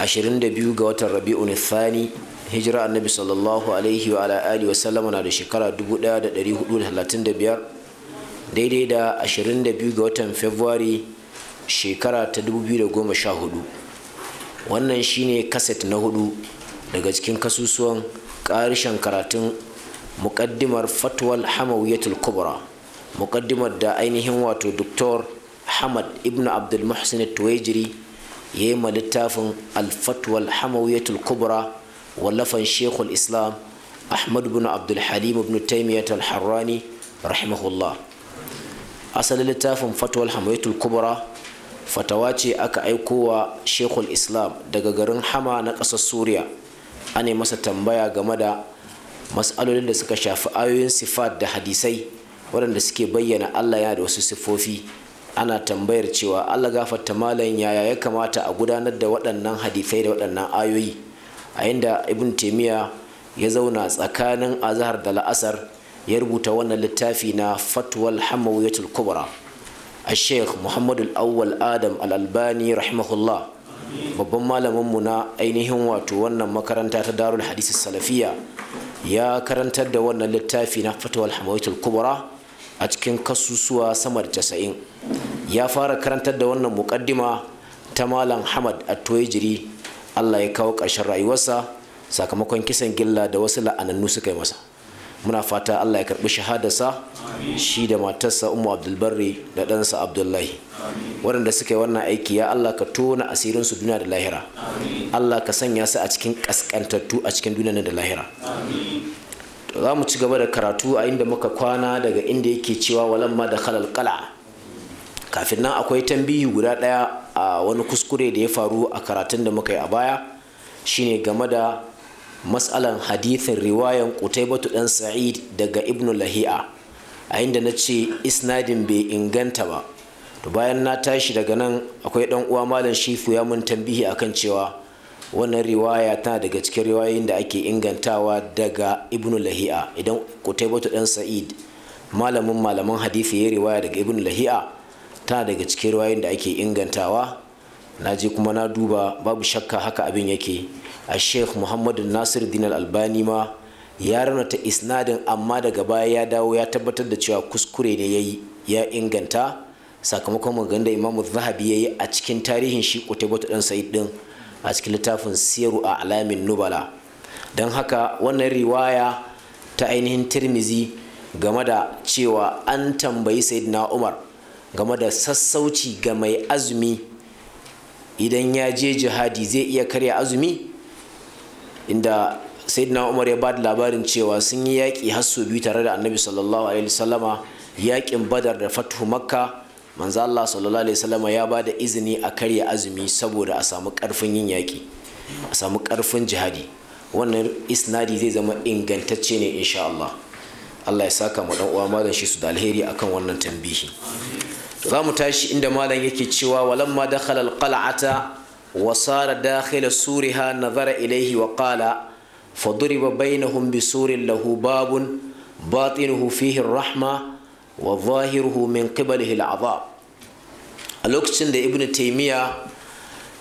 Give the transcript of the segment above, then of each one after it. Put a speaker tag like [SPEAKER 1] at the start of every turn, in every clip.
[SPEAKER 1] 22 ga watan rabi'un thani hijira annabi sallallahu alaihi wa ala alihi wa sallama na da shekara 1435 daidai da 22 ga watan february shekara ta 2014 wannan shine kaset na hudu daga cikin kasusuwan karishen karatun mukaddimar fatwal hamawiyatul kubra mukaddimar da ainihin wato doktor hamad ibn abdul muhsin tuwajiri ya yi littafin alfatwal hamawiyatul kubra wallafan shekul islam ahmad bin abdulhalim ibn taimiyat harrani rahimahullah asalin littafin fatwal hamawiyatul kubra fatawa ce aka aiko wa shekul islam daga garin hama na ƙasar suriya ana masa tambaya game da matsalolin da suka shafi ayoyin sifat da hadisai waɗanda suke bayyana allah yana da wasu siffofi ana tambayar cewa allah gafarta malam yaya ya kamata a gudanar da waɗannan hadisai da waɗannan ayoyi a inda ibn taimiyya ya zauna tsakanin azahar da la'asar ya rubuta wannan littafi na fatwal hamawiyatul kubra a sheikh muhammadu awwal adam alalbani albani rahimahullah babban malaminmu na ainihin wato wannan makaranta ta darul hadisi salafiya ya karantar da wannan littafi na fatawar hamawiyatul kubra a cikin kasusuwa sama da casa'in ya fara karantar da wannan muƙaddima ta malam hamad a tuwejiri allah ya kawo ƙarshen rayuwarsa sakamakon kisan gilla da wasu la'anannu suka yi masa muna fata allah ya karbi shahadarsa shi da matarsa umu abdulbarri da ɗansa abdullahi waɗanda suka yi wannan aiki ya allah ka tona asirin su duniya da lahira allah ka sanya su a cikin ƙasƙantattu a cikin duniya da lahira za mu ci gaba da karatu a inda muka kwana daga inda yake cewa walamma da khalal kala. kafin nan akwai tambihi guda ɗaya a wani kuskure da ya faru a karatun da muka yi a baya shine game da matsalan hadithin riwayan kutaibatu dan sa'id daga ibnu lahi'a a inda na ce isnadin bai inganta ba to bayan na tashi daga nan akwai dan uwa malam shifu ya mun tambihi akan cewa wannan riwaya tana daga cikin riwayoyin da ake ingantawa daga ibnu lahi'a idan kutaibatu dan sa'id malamin malaman hadisi ya riwaya daga ibnu lahi'a tana daga cikin ruwayoyin da ake ingantawa na je kuma na duba babu shakka haka abin yake a sheikh muhammadu nasiru dinar albani ma ya rana ta isnadin amma daga baya ya dawo ya tabbatar da cewa kuskure ne ya inganta sakamakon maganda da imamu zahabi ya yi a cikin tarihin shi kutubatu dan sa'id din a cikin littafin siyaru a alamin nubala don haka wannan riwaya ta ainihin tirmizi game da cewa an tambayi na umar game da sassauci ga mai azumi idan ya je jihadi zai iya karya azumi inda sayyidina umar ya ba da labarin cewa sun yi yaƙi hasso biyu tare da annabi sallallahu alaihi wasallama yaƙin badar da fatuhu makka manzo Allah sallallahu alaihi wasallama ya ba da izini a karya azumi saboda a samu karfin yin yaƙi a samu karfin jihadi wannan isnadi zai zama ingantacce ne insha Allah Allah ya saka mu dan uwa malam shi su da alheri akan wannan tambihi za mu tashi inda malam yake cewa walamma dakhala alqal'ata wa sara dakhila suriha nazara ilaihi wa qala faduriba bainahum bisurin lahu babun batinuhu fihi rahma wa zahiruhu min qibalihi al'azab a lokacin da ibnu taymiya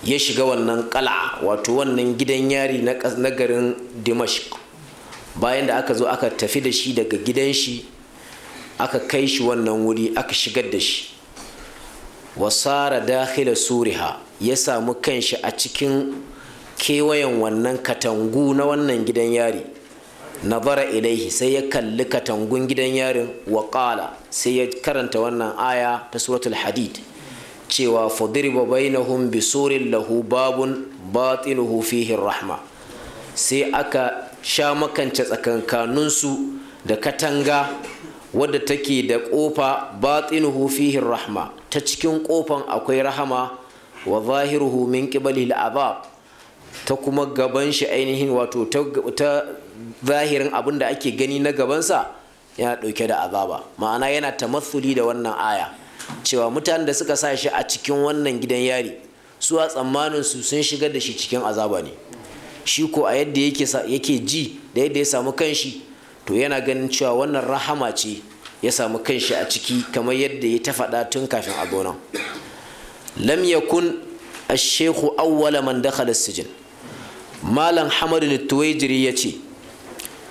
[SPEAKER 1] ya shiga wannan kala wato wannan gidan yari na garin dimashq bayan da aka zo aka tafi da shi daga gidan shi aka kai shi wannan wuri aka shigar da shi wasara dakhila suriha ya samu kanshi a cikin kewayen wannan katangu na wannan gidan yari nazara ilaihi sai ya kalli katangun gidan yarin wa qala sai ya karanta wannan aya ta suratul hadid cewa fadriba bainahum bisurin lahu babun batinuhu fihi rahma sai aka sha makance tsakankaninsu da katanga wadda take da kofa batinuhu fihi rahma ta cikin kofan akwai rahama wa zahiruhu min qibali al'azab ta kuma gaban shi ainihin wato ta zahirin abin da ake gani na gabansa yana ɗauke da azaba ma'ana yana tamathuli da wannan aya cewa mutanen da suka sa shi a cikin wannan gidan yari su a tsammanin su sun shiga da shi cikin azaba ne shi ko a yadda yake ji da yadda ya samu kanshi to yana ganin cewa wannan rahama ce ya samu kanshi a ciki kamar yadda ya ta faɗa tun kafin a gona lam yakun ashekhu awwala man dakhala sijin malam hamadu tuwaijiri ya ce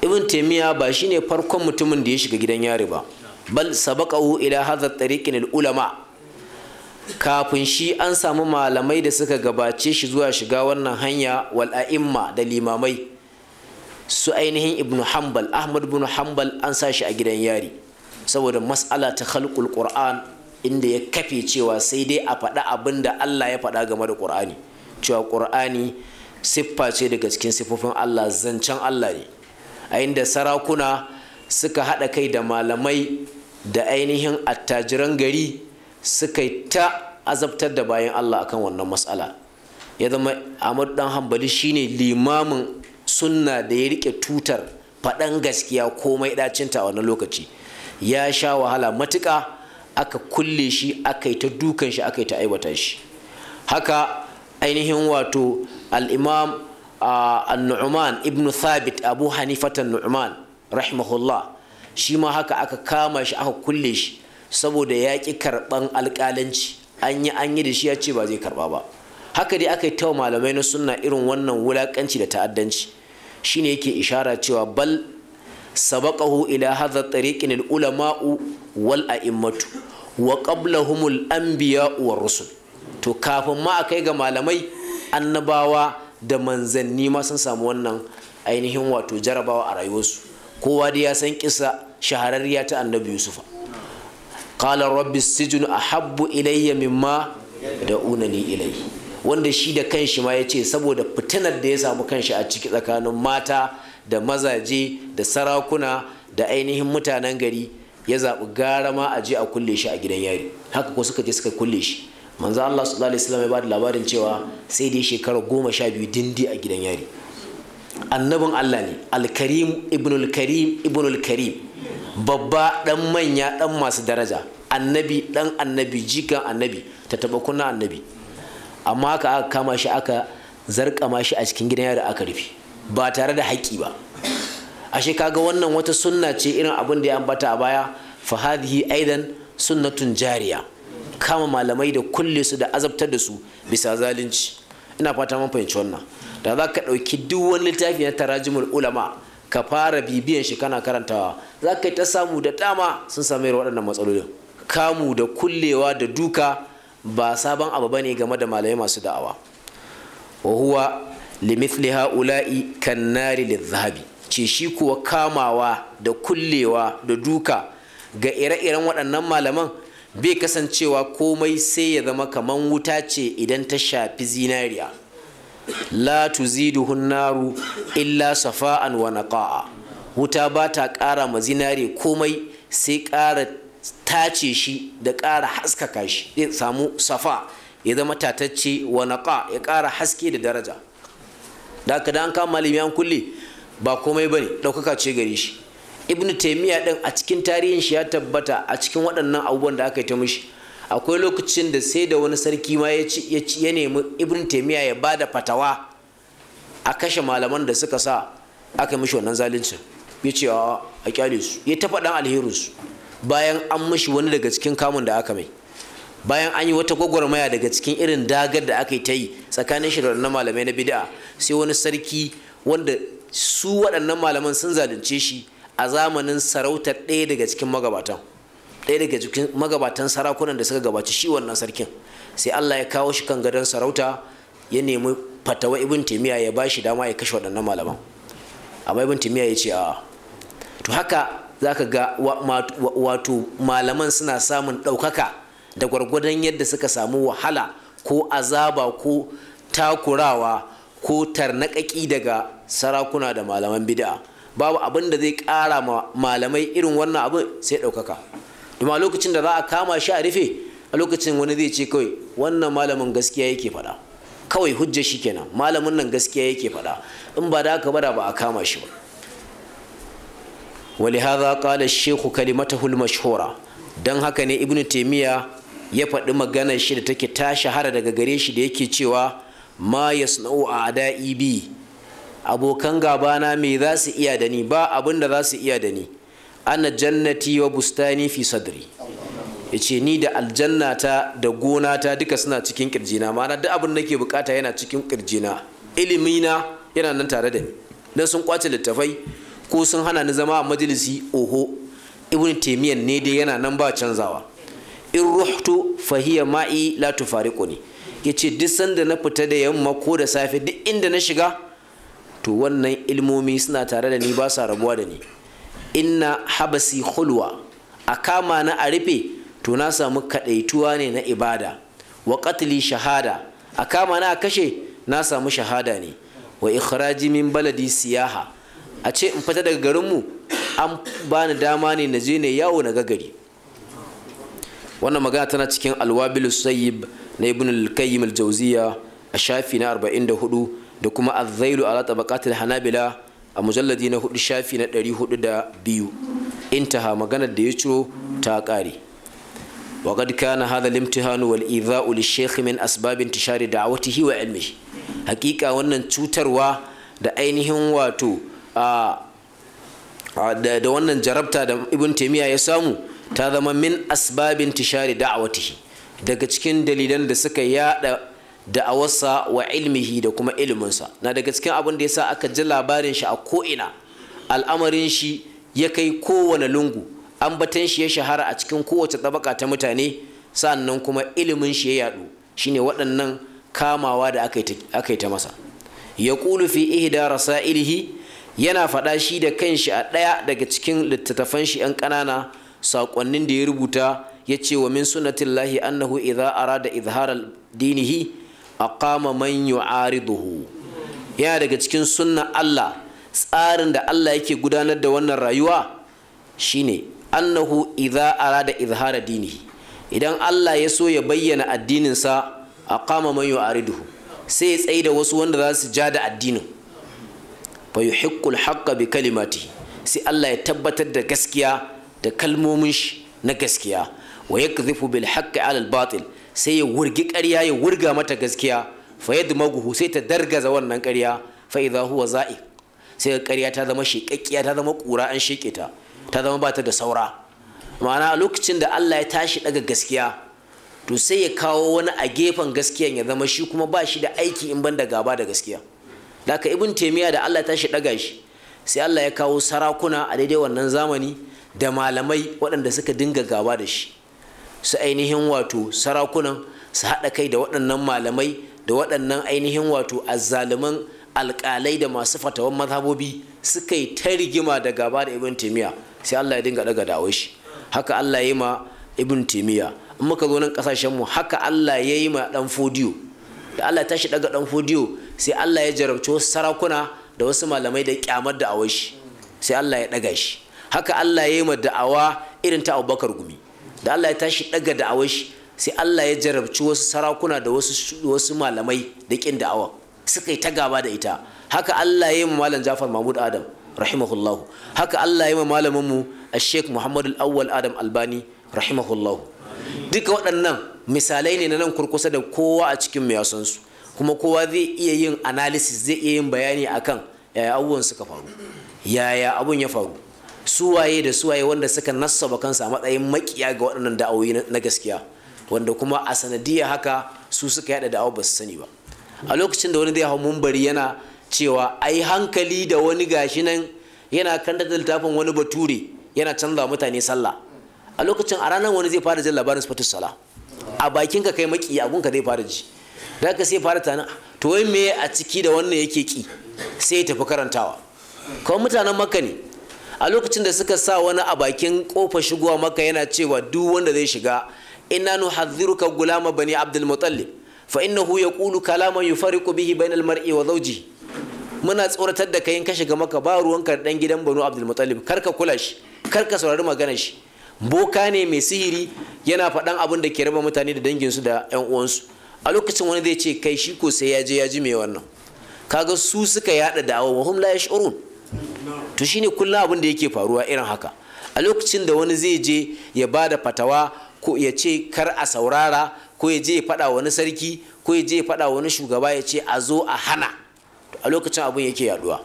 [SPEAKER 1] ibn taimiyya ba shine farkon mutumin da ya shiga gidan yari ba bal sabaqahu ila hadha tariqin ulama kafin shi an samu malamai da suka gabace shi zuwa shiga wannan hanya wal'a'imma, da limamai su ainihin ibn hanbal ahmad ibn hanbal an sa shi a gidan yari saboda mas'ala ta khalqul qur'an inda ya kafe cewa sai dai a faɗa abin da Allah ya faɗa game da qur'ani cewa qur'ani siffa ce daga cikin siffofin Allah zancen Allah ne a inda sarakuna suka haɗa kai da malamai da ainihin attajiran gari suka ta azabtar da bayan Allah akan wannan matsala ya zama Amadu dan hambali shine limamin sunna da ya rike tutar faɗan gaskiya komai ɗacinta a wannan lokaci ya sha wahala matuka aka kulle shi aka yi ta dukan shi aka yi ta aiwata shi haka ainihin wato al'imam a numan ibn thabit abu hanifatan nu'man rahimahullah shi ma haka aka kama shi aka kulle shi saboda ya ƙi karɓan alƙalanci an yi an yi da shi ya ce ba zai karɓa ba haka dai aka yi ta malamai na sunna irin wannan wulaƙanci da ta'addanci shine yake ishara cewa bal ila سبقه إلى هذا الطريق humul an biya uwar والرسل to kafin ma a kai ga malamai annabawa da manzanni ma sun samu wannan ainihin wato jarabawa a rayuwarsu kowa da ya san kisa shahararriya ta annabi yusufa qala rabbi sijnu ahabbu ilayya mimma unani ilai. wanda shi da kanshi ma ya ce saboda fitinar da ya samu kanshi a ciki tsakanin mata da mazaje da sarakuna da ainihin mutanen gari ya zaɓi gara ma a je a kulle shi a gidan yari haka ko suka je suka kulle shi manzo Allah sallallahu alaihi wasallam ya bada labarin cewa sai dai shekara goma sha biyu dindi a gidan yari annabin Allah ne alkarim ibnul karim ibnul karim babba dan manya dan masu daraja annabi dan annabi jikan annabi ta taba kunna annabi amma haka aka kama shi aka zarkama shi a cikin gidan yari aka rufe ba tare da haƙƙi ba ashe kaga wannan wata sunna ce irin abin da ya ambata a baya fa hadhihi aidan sunnatun jariya kama malamai da kulle su da azabtar da su bisa zalunci ina fata mun fahimci wannan da za ka ɗauki duk wani littafi na tarajimul ulama ka fara bibiyan shi kana karantawa za ka yi ta samu da dama sun sami irin waɗannan matsalolin kamu da kullewa da duka ba sabon abu bane game da malamai masu da'awa wa huwa limithli ha'ula'i kan nari lizzahabi ce shi kuwa kamawa da kullewa da duka ga ire-iren waɗannan malaman bai kasancewa komai sai ya zama kaman wuta ce idan ta shafi zinariya la tuziduhun naru illa safa'an wa naqa'a wuta ba ta ƙara ma zinare komai sai ƙara tace shi da ƙara haskaka shi samu safa ya zama tatacce wa naqa ya ƙara haske da daraja da haka da an kama malamiyan an kulle ba komai bane ɗaukaka ce gare shi ibnu taimiyya din a cikin tarihin shi ya tabbata a cikin waɗannan abubuwan da aka yi ta mishi akwai lokacin da sai da wani sarki ma ya nemi ibnu taimiyya ya bada fatawa a kashe malaman da suka sa aka mishi wannan zalunci ya ce a kyale su ya tafa dan alherus bayan an mishi wani daga cikin kamun da aka mai bayan an yi wata gwagwarmaya daga cikin irin dagar da aka yi ta yi tsakanin shi da malamai na bid'a sai wani sarki wanda su waɗannan malaman sun zalunce shi a zamanin sarautar ɗaya daga cikin magabatan ɗaya daga cikin magabatan sarakunan da suka gabaci shi wannan sarkin sai Allah ya kawo shi kan gadon sarauta ya nemi fatawa ibn ya ba shi dama ya kashe waɗannan malaman amma ibn timiya ya ce a to haka zaka ga wato malaman suna samun ɗaukaka da gwargwadon yadda suka samu wahala ko azaba ko takurawa ko tarnakaki daga sarakuna da malaman bid'a babu abin da zai kara ma malamai irin wannan abin sai ɗaukaka domin a lokacin da za a kama shi a rufe a lokacin wani zai ce kawai wannan malamin gaskiya yake faɗa kawai hujja shi kenan malamin nan gaskiya yake faɗa in ba da aka ba ba a kama shi ba ولهذا قال الشيخ كلمته المشهورة dan haka ne ibnu taimiyya ya faɗi maganar shi da take ta shahara daga gare shi da yake cewa ma yasna'u a ada'i bi abokan gabana me za su iya da ni ba abin da za su iya da ni ana jannati wa bustani fi sadri ya ce ni da aljannata da gonata duka suna cikin kirjina ma'ana duk abin da ke bukata yana cikin kirjina ilimina yana nan tare da ni don sun kwace littafai ko sun hana ni zama a majalisi oho ibn taimiyan ne dai yana nan ba canzawa in ruhtu fahiya ma'i la tufariquni yace duk sanda na fita da yamma ko da safe duk inda na shiga to wannan ilmomi suna tare da ni ba sa rabuwa da ni inna habasi khulwa a kama na a rufe to na samu kadaituwa ne na ibada wa qatli shahada a kama na a kashe na samu shahada ne wa ikhraji min baladi siyaha a ce in fita daga garinmu an bani dama ne na je ne yawo na gagari wannan magana tana cikin alwabil sayyib na ibn al-qayyim al-jawziya a shafi na 44 da kuma az-zailu ala tabaqatil hanabila a mujalladi na 4 shafi na 402 intaha maganar da ya ciro ta kare وقد كان هذا الامتحان والإيذاء للشيخ من أسباب انتشار دعوته وعلمه حقيقة wannan cutarwa da ainihin wato da wannan jarabta da ibn taymiya ya samu ta zama min asbabin tishari da'awatihi daga cikin dalilan da suka yada da'awarsa wa ilmihi da kuma iliminsa na daga cikin abin da yasa aka ji labarin shi a ko'ina al'amarin shi ya kai kowane lungu ambatan shi ya shahara a cikin kowace tabaka ta mutane sannan kuma ilimin shi ya yadu shine waɗannan kamawa da aka yi ta masa ya fi ihda rasailihi yana faɗa shi da kanshi a ɗaya daga cikin littattafan shi 'yan ƙanana saƙonnin da ya rubuta ya ce wa min sunatillahi annahu idza arada izharar dinihi aqama man yu'ariduhu yana daga cikin sunna Allah tsarin da Allah yake gudanar da wannan rayuwa shine annahu idza arada izhara dinihi idan Allah ya so ya bayyana addininsa aqama man yu'ariduhu sai ya tsaye da wasu wanda za su ja da addinin fa yuhiqqul haqqa bi kalimati sai Allah ya tabbatar da gaskiya da kalmomin shi na gaskiya wa yakdhifu bil haqqi ala al batil sai ya wurgi ƙarya ya wurga mata gaskiya fa yadmaguhu sai ta dargaza wannan ƙarya fa idha huwa za'i sai ƙarya ta zama shiƙaƙƙiya ta zama ƙura an shiƙe ta ta zama bata da saura ma'ana a lokacin da Allah ya tashi daga gaskiya to sai ya kawo wani a gefen gaskiyan ya zama shi kuma ba shi da aiki in banda gaba da gaskiya Daka ibn taimiya da Allah ya tashi daga shi sai Allah ya kawo sarakuna a daidai wannan zamani da malamai waɗanda suka dinga gaba da shi su ainihin wato sarakunan su haɗa kai da waɗannan malamai da waɗannan ainihin wato azzaluman alƙalai da masu fatawan mazhabobi suka yi ta rigima da gaba da ibn timiya sai allah ya dinga daga dawo shi haka allah ya yi ma ibn timiya in muka zo nan kasashen mu haka allah ya yi ma ɗan fodiyo da allah tashi daga ɗan fodiyo sai allah ya jarabci wasu sarakuna da wasu malamai da kyamar da awai shi sai allah ya ɗaga shi haka Allah ya yi ma da'awa irin ta Abubakar Gumi da Allah ya tashi daga da'awar shi sai Allah ya jarabci wasu sarakuna da wasu wasu malamai da kin da'awa suka yi ta gaba da ita haka Allah ya yi ma malam Jafar Mahmud Adam rahimahullahu haka Allah ya yi ma malamin mu Sheikh Muhammad Al-Awwal Adam Albani rahimahullahu duka waɗannan misalai ne na nan kurkusa da kowa a cikin mu ya san su kuma kowa zai iya yin analysis zai iya yin bayani akan yaya abun suka faru yaya abun ya faru suwaye da suwaye wanda suka nasaba kansa a matsayin makiya ga waɗannan da'awoyi na gaskiya wanda kuma a sanadiyar haka su suka yada da'awa ba su sani ba a lokacin da wani zai hau mumbari yana cewa ai hankali da wani gashi nan yana kan da littafin wani bature yana canza mutane sallah a lokacin a ranar wani zai fara jin labarin sufatu sala a bakin ka kai maki abun ka zai fara ji da ka sai fara tana to wai me a ciki da wannan yake ki sai ya tafi karantawa kawai mutanen makka ne a lokacin da suka sa wani a bakin kofa shigowa maka yana cewa duk wanda zai shiga inna nuhadhiruka gulama bani abdul muttalib fa innahu yaqulu kalaman yufariqu bihi bainal mar'i wa zawji muna tsoratar da kai in ka shiga maka ba ruwanka dan gidan banu abdul Kar ka kula shi Kar ka saurari maganar shi boka ne mai sihiri yana faɗan abin da ke raba mutane da su da 'yan uwansu a lokacin wani zai ce kai shi ko sai ya je ya ji mai wannan kaga su suka yada da'awa hum la yash'urun to shine kullum abin da yake faruwa irin haka a lokacin da wani zai je ya ba da fatawa ko ya ce kar a saurara ko ya je ya faɗa wani sarki ko ya je ya faɗa wani shugaba ya ce a zo a hana a lokacin abin yake yaduwa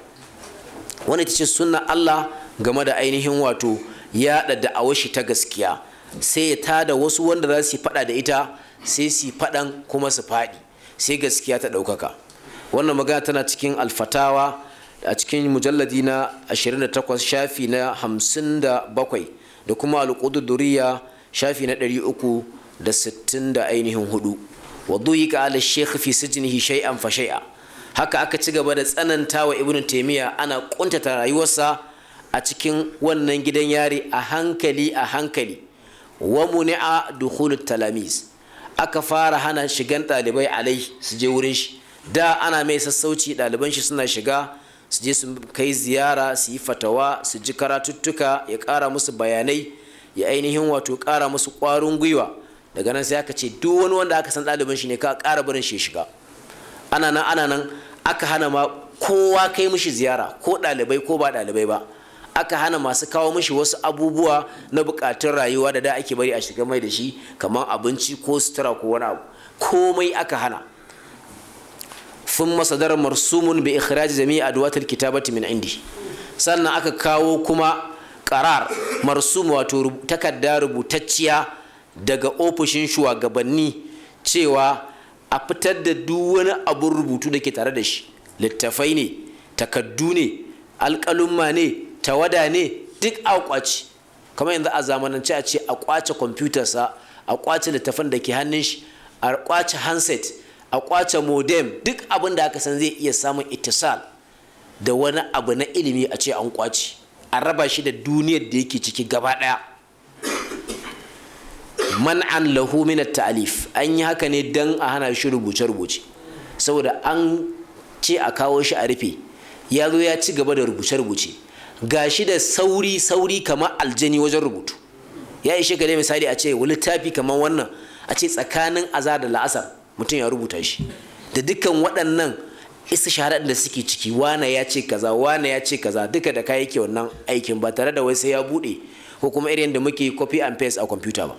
[SPEAKER 1] wani ta ce sunna Allah game da ainihin wato ya yaɗa da'awar shi ta gaskiya sai ya tada wasu wanda za su faɗa da ita sai su faɗan kuma su faɗi sai gaskiya ta ɗaukaka wannan magana tana cikin alfatawa a cikin mujalladi na 28 shafi na 57 da kuma alƙududuriya shafi na 300 da da ainihin hudu wadu yi ka ala shekh fi sijinihi shay'an fa shay'a haka aka ci gaba da tsananta wa ibnu taimiyya ana kuntata rayuwarsa a cikin wannan gidan yari a hankali a hankali wa muni'a dukhulut talamis aka fara hana shigan ɗalibai alai su je wurin shi da ana mai sassauci ɗaliban shi suna shiga su je su kai ziyara su yi fatawa su ji karatuttuka ya kara musu bayanai ya ainihin wato kara musu ƙwarin gwiwa daga nan sai aka ce duk wani wanda aka san ɗalibin shi ne ka ƙara barin shi shiga ana nan ana nan aka hana ma kowa kai mishi ziyara ko ɗalibai ko ba ɗalibai ba aka hana masu kawo mishi wasu abubuwa na buƙatun rayuwa da da ake bari a shiga mai da shi kamar abinci ko sutura ko wani abu komai aka hana thumma masadar marsumun bi ikhraj jami'i adwatil kitabati min indi sannan aka kawo kuma karar marsum wato takarda rubutacciya daga ofishin shugabanni cewa a fitar da duk wani abun rubutu da ke tare da shi littafai ne takaddu ne alƙalumma ne tawada ne duk a kwaci kamar yanzu a zamanance a ce a kwace kwamfutarsa a kwace littafan da ke hannun shi a kwace handset a kwace modem duk abin da aka san zai iya samun itisal da wani abu na ilimi a ce an kwace a raba shi da duniyar da yake ciki gaba ɗaya man'an lahu min ta'alif an yi haka ne dan a hana shi rubuce-rubuce saboda an ce a kawo shi a rufe ya zo ya ci gaba da rubuce-rubuce ga shi da sauri-sauri kamar aljani wajen rubutu ya ishe ka misali a ce wani littafi kamar wannan a ce tsakanin azar da la'asar mutum ya rubuta shi da dukkan waɗannan isa istishara da suke ciki wane ya ce kaza wane ya ce kaza duka da kayan ke wannan aikin ba tare da wai sai ya buɗe ko kuma irin da muke copy and paste a kwamfuta ba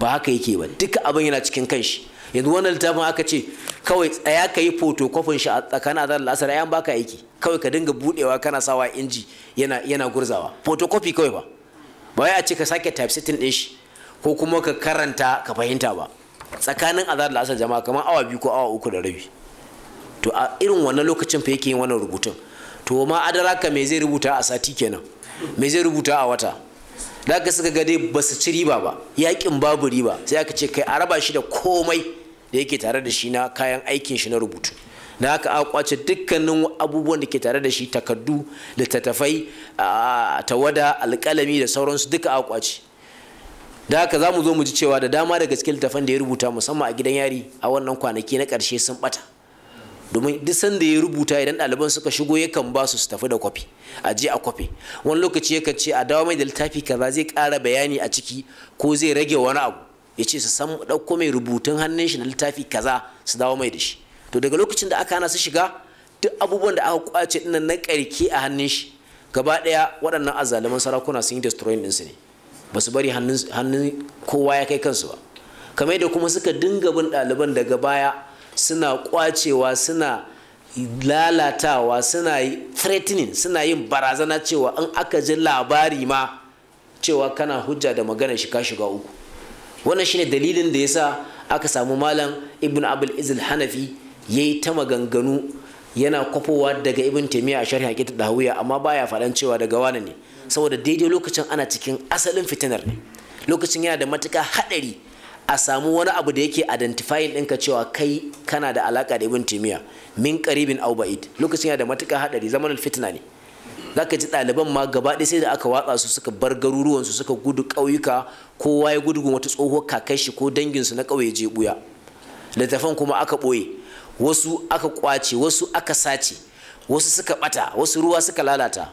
[SPEAKER 1] ba haka yake ba duka abin yana cikin kanshi yanzu wannan littafin aka ce kawai tsaya ka yi photocopy shi a tsakanin azar al'asar ayan baka aiki kawai ka dinga budewa kana sawa inji yana yana gurzawa photocopy kawai ba ba wai a ce ka sake typesetting din shi ko kuma ka karanta ka fahimta ba tsakanin azhar da asar jama'a kamar awa biyu ko awa uku da rabi to a irin wannan lokacin fa yake yin wannan rubutun to ma adaraka me zai rubuta a sati kenan me zai rubuta a wata da ka suka ga dai ba su ci riba ba yakin babu riba sai aka ce kai a raba shi da komai da yake tare da shi na kayan aikin shi na rubutu da haka aka kwace dukkanin abubuwan da ke tare da shi takaddu littattafai tawada alƙalami da sauransu duka akwaci. kwace da haka za mu zo mu ji cewa da dama daga cikin littafan da ya rubuta musamman a gidan yari a wannan kwanaki na ƙarshe sun bata domin duk sanda ya rubuta idan ɗaliban suka shigo yakan ba su su tafi da kwafi a je a kwafi wani lokaci yakan ce a dawo mai da littafi kaza zai kara bayani a ciki ko zai rage wani abu ya ce su san ɗauko mai rubutun hannun shi na littafi kaza su dawo mai da shi to daga lokacin da aka hana su shiga duk abubuwan da aka kwace dinnan na ƙarke a hannun shi gaba ɗaya waɗannan azzaluman sarakuna sun yi destroying ɗinsu ne ba su bari hannun kowa ya kai kansu ba kamar yadda kuma suka dinga bin ɗaliban daga baya suna kwacewa suna lalatawa suna threatening suna yin barazana cewa in aka ji labari ma cewa kana hujja da magana shi ka shiga uku wannan shine dalilin da yasa aka samu malam ibn abul izil hanafi ya yi ta maganganu yana kwafowa daga ibn taimiyya a sharhi da dahawiya amma baya faɗan cewa daga wane ne saboda daidai lokacin ana cikin asalin fitinar ne lokacin yana da matuka haɗari a samu wani abu da yake identifying ɗinka cewa kai kana da alaka da ibn timiya min karibin au lokacin yana da matuka haɗari zaman fitina ne zaka ji ɗaliban ma gaba ɗaya sai da aka watsa su suka bar garuruwan su suka gudu ƙauyuka kowa ya gudu wata tsohuwar kakashi ko dangin su na ƙauye je buya littafan kuma aka ɓoye wasu aka kwace wasu aka sace wasu suka ɓata wasu ruwa suka lalata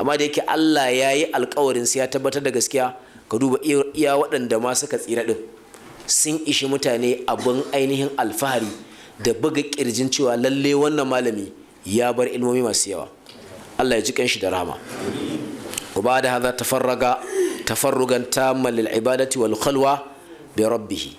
[SPEAKER 1] amma da yake Allah ya yi alkawarin sai ya tabbatar da gaskiya ka duba iya waɗanda ma suka tsira ɗin sun ishi mutane abin ainihin alfahari da buga ƙirjin cewa lalle wannan malami ya bar ilmomi masu yawa Allah ya ji kanshi da rama ku ba da haza tafarraga tafarrugan tamman ibadati wal khalwa bi rabbih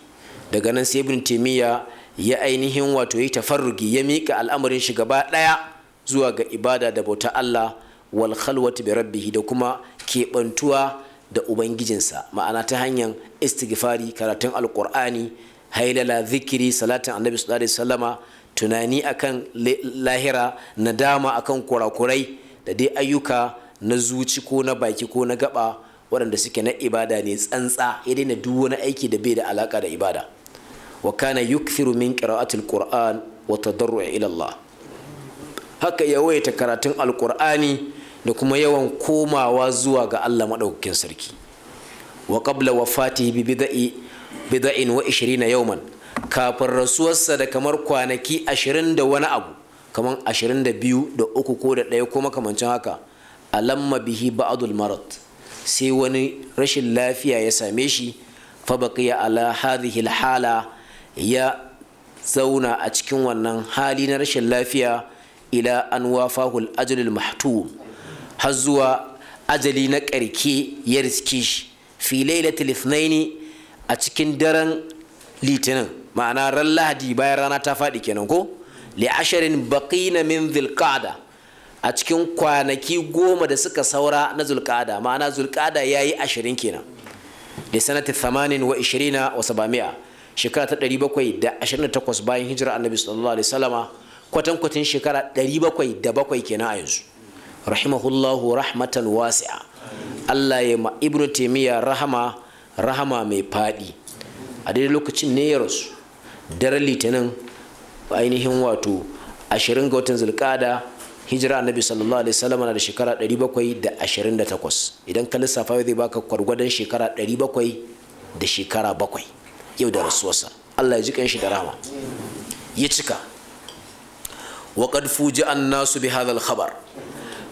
[SPEAKER 1] daga nan sai ibn timiya ya ainihin wato yi tafarrugi ya mika al'amarin shi gaba ɗaya zuwa ga ibada da bauta Allah wal khalwati bi rabbihi da kuma keɓantuwa da ubangijinsa ma'ana ta hanyar istighfari karatun alqur'ani hailala zikiri salatin annabi sallallahu alaihi wasallama tunani akan lahira nadama akan kurakurai da dai ayyuka na zuci ko na baki ko na gaba waɗanda suke na ibada ne tsantsa ya daina duk wani aiki da bai da alaka da ibada wa kana yukthiru min qira'atil qur'an wa tadarru'i ila Allah haka yawaita karatun alqur'ani da kuma yawan komawa zuwa ga Allah maɗaukakin sarki wa qabla wafatihi bi bida'i bida'in wa 20 yawman kafin rasuwarsa da kamar kwanaki ashirin da wani abu kamar ashirin da biyu da uku ko da ɗaya kuma makamancin haka alamma bihi ba'adul marat sai wani rashin lafiya ya same shi fa baqiya ala hadhihi hala ya zauna a cikin wannan hali na rashin lafiya ila an wafahul ajrul mahtum har zuwa ajali na ƙarke ya riske shi filai lailatul ithnaini a cikin daren litinin ma'ana ran lahadi bayan rana ta faɗi kenan ko li asharin na min zulƙada a cikin kwanaki goma da suka saura na zulƙada ma'ana ya yi ashirin kenan da sanata tamanin wa 20 wa sabamiya shekara ta ɗari bakwai da ashirin takwas bayan hijira annabi sallallahu alaihi wasallama kwatankwacin shekara ɗari bakwai da bakwai kenan a yanzu rahimahullahu rahmatan wasi'a Allah ya ma ibnu taimiyya rahama rahama mai faɗi a daidai lokacin ne ya rasu daren litinin ainihin wato ashirin ga watan zulkada hijira annabi sallallahu alaihi wasallam na da shekara 728 idan ka lissafa zai baka kwargwadon shekara 700 da shekara 7 yau da rasuwarsa Allah ya ji kanshi da rama ya cika wa qad fuji an nasu bi hadha khabar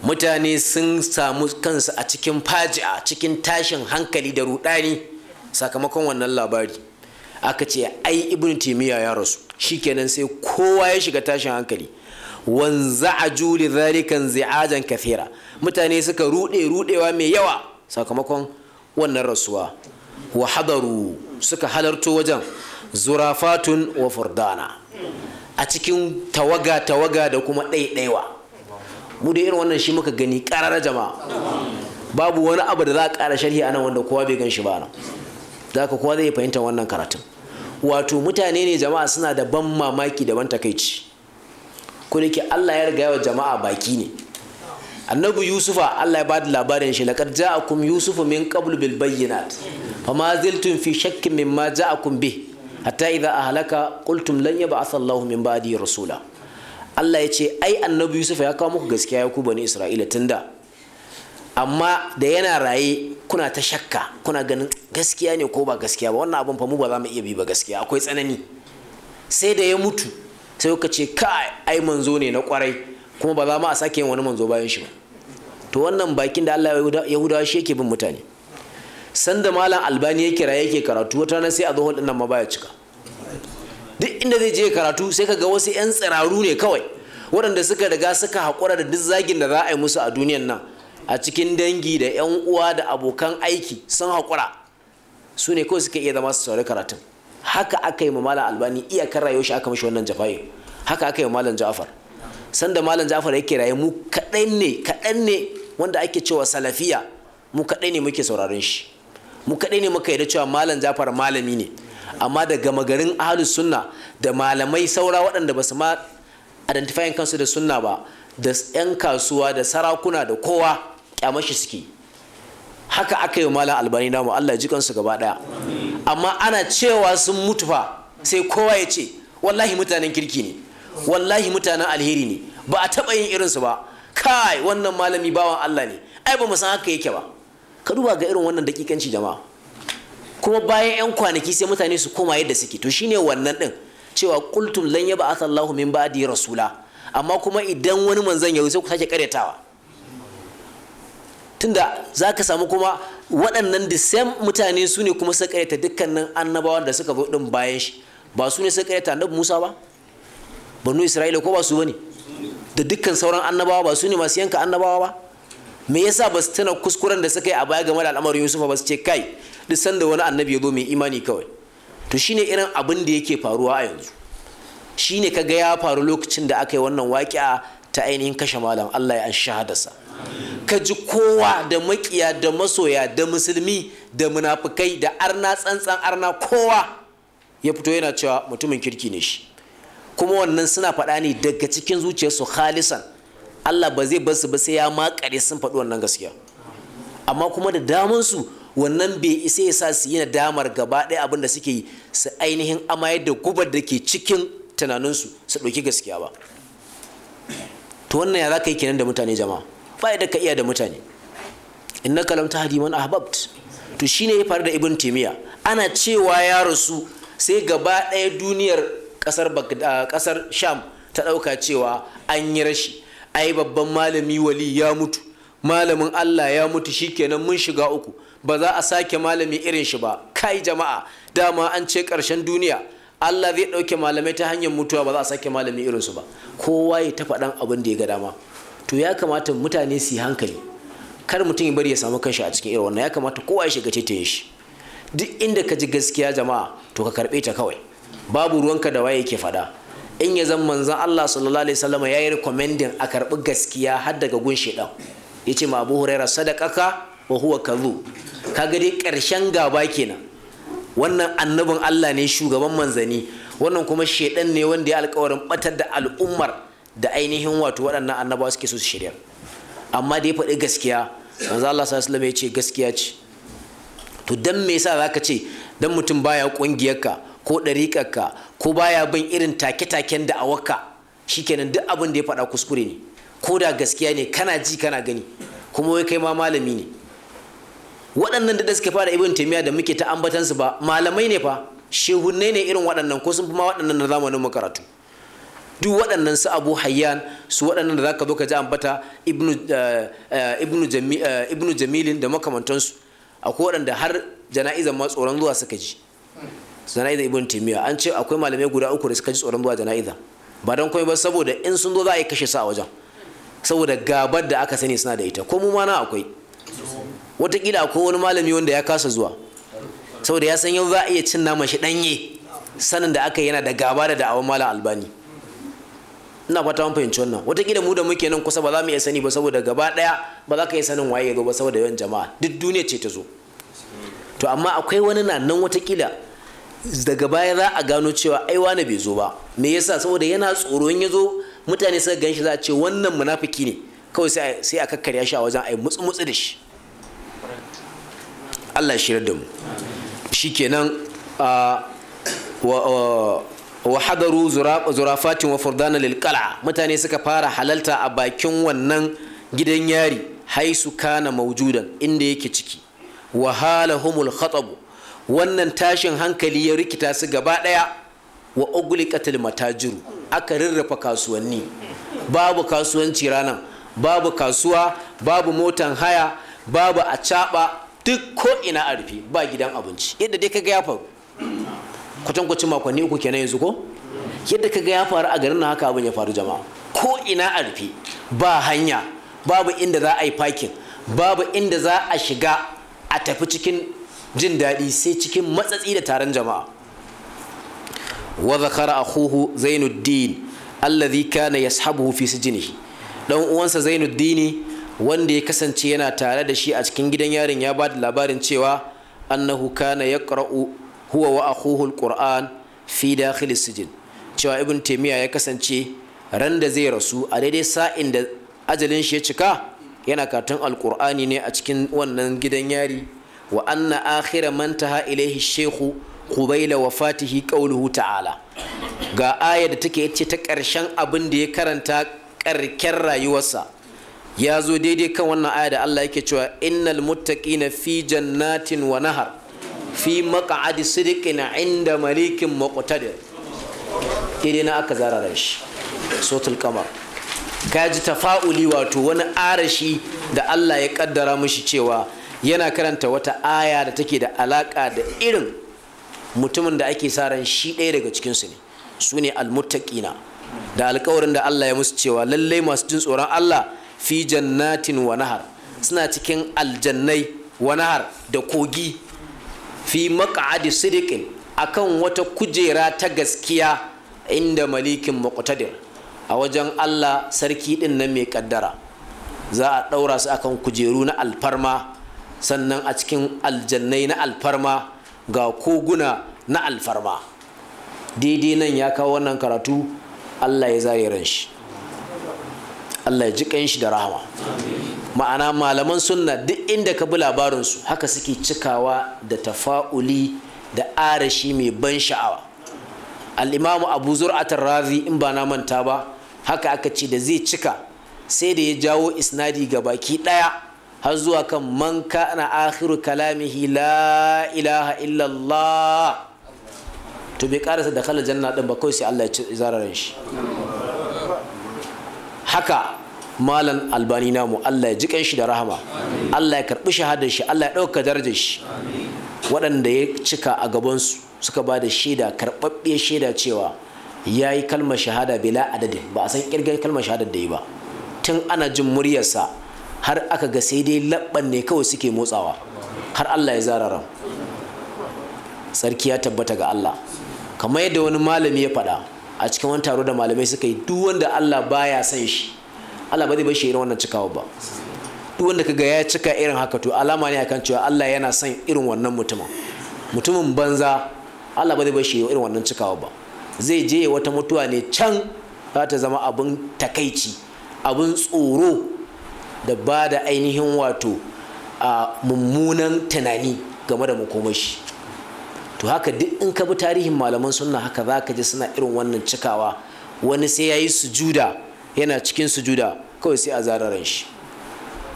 [SPEAKER 1] mutane sun samu kansu a cikin faji'a cikin tashin hankali da rudani sakamakon wannan labari aka ce ai ibn timiya ya rasu shikenan sai kowa ya shiga tashin hankali wanza a juli zalikan zi'ajan kafira mutane suka rude rudewa mai yawa sakamakon wannan rasuwa wa hadaru suka halarto wajen zurafatun wa furdana a cikin tawaga tawaga da kuma ɗaiɗaiwa mu da irin wannan shi muka gani ƙarar jama'a babu wani abu da za a ƙara sharhi anan wanda kowa bai gan shi ba nan za ka kowa zai fahimta wannan karatun wato mutane ne jama'a suna da ban mamaki da ban takaici ko da ke Allah ya riga wa jama'a baki ne annabi yusufa Allah ya ba da labarin shi laqad ja'akum yusufu min qablu bil bayyinat fama ziltum fi shakkin mimma ja'akum bih hatta idza ahlaka qultum lan yab'ath Allahu min ba'di rasula Allah ya ce ai annabi Yusuf ya kawo muku gaskiya ya ku bani Isra'ila tunda amma da yana raye kuna ta shakka kuna ganin gaskiya ne ko ba gaskiya ba wannan abin fa mu ba za mu iya bi ba gaskiya akwai tsanani sai da ya mutu sai kuka ce kai ai manzo ne na kwarai kuma ba za mu a sake yin wani manzo bayan shi ba to wannan bakin da Allah Yahudawa shi yake bin mutane sanda malam albani yake raye yake karatu wata na sai a zo din nan ma baya cika duk inda zai je karatu sai ka ga wasu 'yan tsiraru ne kawai waɗanda suka riga suka haƙura da duk zagin da za a yi musu a duniyan nan a cikin dangi da 'yan uwa da abokan aiki sun haƙura su ne kawai suka iya zama su saurari karatun haka aka yi ma malam albani iyakar rayuwar shi aka mashi wannan jafayi haka aka yi ma malam ja'far sanda malam ja'far yake raye mu kaɗan ne kaɗan ne wanda ake cewa salafiya mu kaɗai ne muke sauraron shi mu kaɗai ne muka yarda cewa malam ja'far malami ne amma da gama garin ahalus sunna da malamai saura waɗanda ba su ma identifying kansu da sunna ba da 'yan kasuwa da sarakuna da kowa kyamashi suke haka aka yi malam albani namu Allah ji kansu gaba ɗaya. amma ana cewa sun mutu fa sai kowa ya ce wallahi mutanen kirki ne wallahi mutanen alheri ne ba a taɓa yin irinsu ba kai wannan malami bawan Allah ne ai ba mu san haka yake ba ka duba ga irin wannan dakikanci jama'a kuma bayan 'yan kwanaki sai mutane su koma yadda suke to shine wannan din cewa kultum lan yaba atallahu min ba'di rasula amma kuma idan wani manzon ya sai ku sake karyatawa tunda za ka samu kuma waɗannan the same mutane su ne kuma suka karyata dukkanin annabawan da suka zo bayan shi ba su ne suka karyata annabi musa ba banu isra'ila ko ba su bane da dukkan sauran annabawa ba su ne masu yanka annabawa ba me yasa ba su tana kuskuren da suka yi a baya game da al'amarin yusufa ba su ce kai duk sanda wani annabi ya zo mai imani kawai to shine irin abin da yake faruwa a yanzu shine kaga ya faru lokacin da aka yi wannan waƙi'a ta ainihin kashe malam Allah ya an shahadarsa ka ji kowa da makiya da masoya da musulmi da munafukai da arna tsantsan arna kowa ya fito yana cewa mutumin kirki ne shi kuma wannan suna faɗa ne daga cikin zuciyarsu khalisan Allah ba zai basu ba sai ya makare sun faɗi wannan gaskiya amma kuma da daman su wannan bai isa ya sa su yi damar gaba ɗaya abin suke yi su ainihin amayar da gubar da ke cikin tunaninsu su ɗauki gaskiya ba to wannan ya za ka yi kenan da mutane jama'a ba ka iya da mutane inna na ta hadiman ahbabt to shine ya faru da ibn timiya ana cewa ya rasu sai gaba ɗaya duniyar ƙasar sham ta ɗauka cewa an yi rashi ai babban malami wali ya mutu malamin Allah ya mutu shi shikenan mun shiga uku ba za a sake malami irin shi ba kai jama'a dama an ce karshen duniya Allah zai ɗauke malamai ta hanyar mutuwa ba za a sake malami irin su ba kowa ya ta faɗan abin da ya ga dama to ya kamata mutane su hankali kar mutum ya bari ya samu kanshi a cikin irin wannan ya kamata kowa ya shiga tetayin shi duk inda ka ji gaskiya jama'a to ka karɓe ta kawai babu ruwanka da waye yake faɗa in ya zan manzan Allah sallallahu alaihi wasallam ya yi recommending a karɓi gaskiya har daga gun shedan yace ma Abu Huraira sadaqaka wa huwa kazu kaga dai ƙarshen gaba kenan wannan annabin Allah ne shugaban manzani wannan kuma shedan ne wanda ya alƙawarin batar da al'ummar da ainihin wato waɗannan annabawa suke so su shirya amma da ya faɗi gaskiya manzo Allah sallallahu alaihi wasallam ya ce gaskiya ce to dan me yasa zaka ce dan mutum baya ƙungiyarka. ko ɗariƙarka ko baya bin irin take-taken da awaka shikenan duk abin da ya faɗa kuskure ne ko da gaskiya ne kana ji kana gani kuma wai kai ma malami ne waɗannan da suka fara ibn taimiyya da muke ta ambatansu ba malamai ne fa Shehunnai ne irin waɗannan ko sun fi ma waɗannan na zamanin makaratu duk waɗannan su abu hayyan su waɗannan da zaka zo ka ji ambata ibnu eh, eh, eh, jamilin da makamantansu akwai waɗanda har jana'izan ma tsoron zuwa suka ji jana'iza ibn timiya an ce akwai malamai guda uku da suka ji tsoron zuwa jana'iza ba don komai ba saboda in sun zo za a yi kashe su a wajen saboda gabar da aka sani suna da ita ko mu ma na akwai watakila akwai wani malami wanda ya kasa zuwa saboda ya san yau za a iya cin naman shi danye sanin da aka yana da gaba da da'awar malam albani ina fata mun fahimci wannan watakila mu da muke nan kusa ba za mu iya sani ba saboda gaba daya ba za ka iya sanin waye ya zo ba saboda yawan jama'a duk duniya ce ta zo to amma akwai wani na nan watakila daga baya za a gano cewa ai wane bai zo ba me yasa saboda yana tsoron ya zo mutane suka ganshi za a ce wannan munafiki ne kawai sai a kakkarya shi a wajen ai mutsu mutsu da shi Allah shi da mu shikenan wa hadaru zurafatin wa furdana lil mutane suka fara halalta a bakin wannan gidan yari haisu kana maujudan inda yake ciki wa humul khatabu wannan tashin hankali ya rikita su gaba ɗaya wa katil matajiru aka rarrafa kasuwanni babu kasuwanci ranar babu kasuwa babu motan haya babu a caɓa duk ko ina a rufe ba gidan abinci yadda dai kaga ya faru kwatankwacin makonni uku kenan yanzu ko yadda kaga ya faru a garin na haka abin ya faru jama'a ko ina a rufe ba hanya babu inda za a yi parking babu inda za a shiga a tafi cikin jin daɗi sai cikin matsatsi da taron jama'a wa zakara akhuhu zainuddin zai kana yashabuhu fi sijnihi dan uwansa zainuddini wanda ya kasance yana tare da shi a cikin gidan yarin ya ba da labarin cewa annahu kana yaqra'u huwa wa akhuhu alquran fi dakhil sijin cewa ibn taymiya ya kasance ran da zai rasu a daidai sa'in da ajalin shi ya cika yana katon alqur'ani ne a cikin wannan gidan yari wa anna akhira man taha ilaihi shehu qubaila wafatihi qawluhu ta'ala ga aya da take yace ta karshen abin da ya karanta karken rayuwarsa ya zo daidai kan wannan aya da Allah yake cewa innal muttaqina fi jannatin wa nahar fi maq'adi sidqin inda malikin muqtadir daidai na aka zara da shi sotul kamar kaji tafa'uli wato wani arashi da Allah ya kaddara mishi cewa yana karanta wata aya da take da alaka da irin mutumin da ake sa ran shi ɗaya daga cikinsu ne su ne almuttaqina da alkawarin da Allah ya musu cewa lallai masu jin tsoron Allah fi jannatin wa nahar suna cikin aljannai wa nahar da kogi fi maq'adi sidiqin akan wata kujera ta gaskiya inda malikin muqtadir a wajen Allah sarki din nan mai kaddara za a ɗaura su akan kujeru na alfarma sannan a cikin aljannai na alfarma ga koguna na alfarma daidai nan ya kawo wannan karatu allah ya zare ran shi allah ya ji kan shi da rahama ma'ana malaman sunna duk inda ka bi labarinsu haka suke cikawa da tafa'uli da arashi mai ban sha'awa al'imamu abu zur'atar razi in ba na manta ba haka aka ce da zai cika sai da ya jawo isnadi ga baki ɗaya har zuwa kan man kana akhiru kalamihi la ilaha illallah to bai karasa da kala janna din ba kawai sai Allah ya ci zararin shi haka malam albani namu Allah ya ji shi da rahama Allah ya karbi shahadar shi Allah ya ɗauka darajar shi waɗanda ya cika a gaban su suka ba da shaida karɓaɓɓe shaida cewa ya yi kalmar shahada bila adadin ba a san ƙirgar kalmar shahadar da yi ba tun ana jin muryarsa har aka ga sai dai labban ne kawai suke motsawa har Allah ya zarara sarki ya tabbata ga Allah kamar yadda wani malami ya faɗa a cikin wani taro da malamai suka yi duk wanda Allah baya son shi Allah ba zai bar shi irin wannan cikawa ba duk wanda kaga ya cika irin haka to alama ne akan cewa Allah yana son irin wannan mutumin mutumin banza Allah ba zai bar shi irin wannan cikawa ba zai je wata mutuwa ne can za ta zama abin takaici abin tsoro da ba da ainihin wato a mummunan tunani game da makomashi to haka duk in ka bi tarihin malaman sunna haka za ka ji suna irin wannan cikawa wani sai ya yi sujuda yana cikin sujuda kawai sai a zararan shi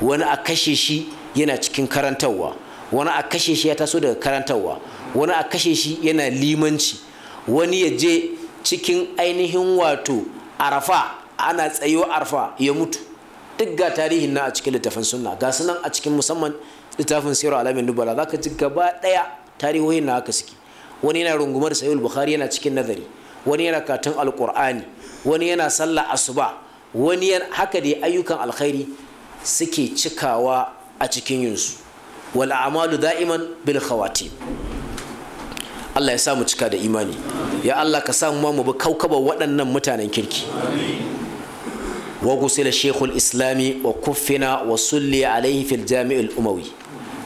[SPEAKER 1] wani a kashe shi yana cikin karantarwa wani a kashe shi ya taso daga karantarwa wani a kashe shi yana limanci wani ya je cikin ainihin wato arafa ana tsayo arafa ya mutu duk ga tarihin na a cikin littafin sunna ga sunan a cikin musamman littafin sirar alamin nubala ka ji gaba ɗaya tarihohin na haka suke wani yana rungumar sayul bukhari yana cikin nazari wani yana katun Alƙur'ani. wani yana sallah asuba wani yana haka dai ayyukan alkhairi suke cikawa a cikin yinsu wal a'malu da'iman bil khawatim Allah ya sa mu cika da imani ya Allah ka sa mu mu bi kaukaba waɗannan mutanen kirki amin wa gusila shekul islami wa kuffina wa sulli alaihi fil jami'ul umawi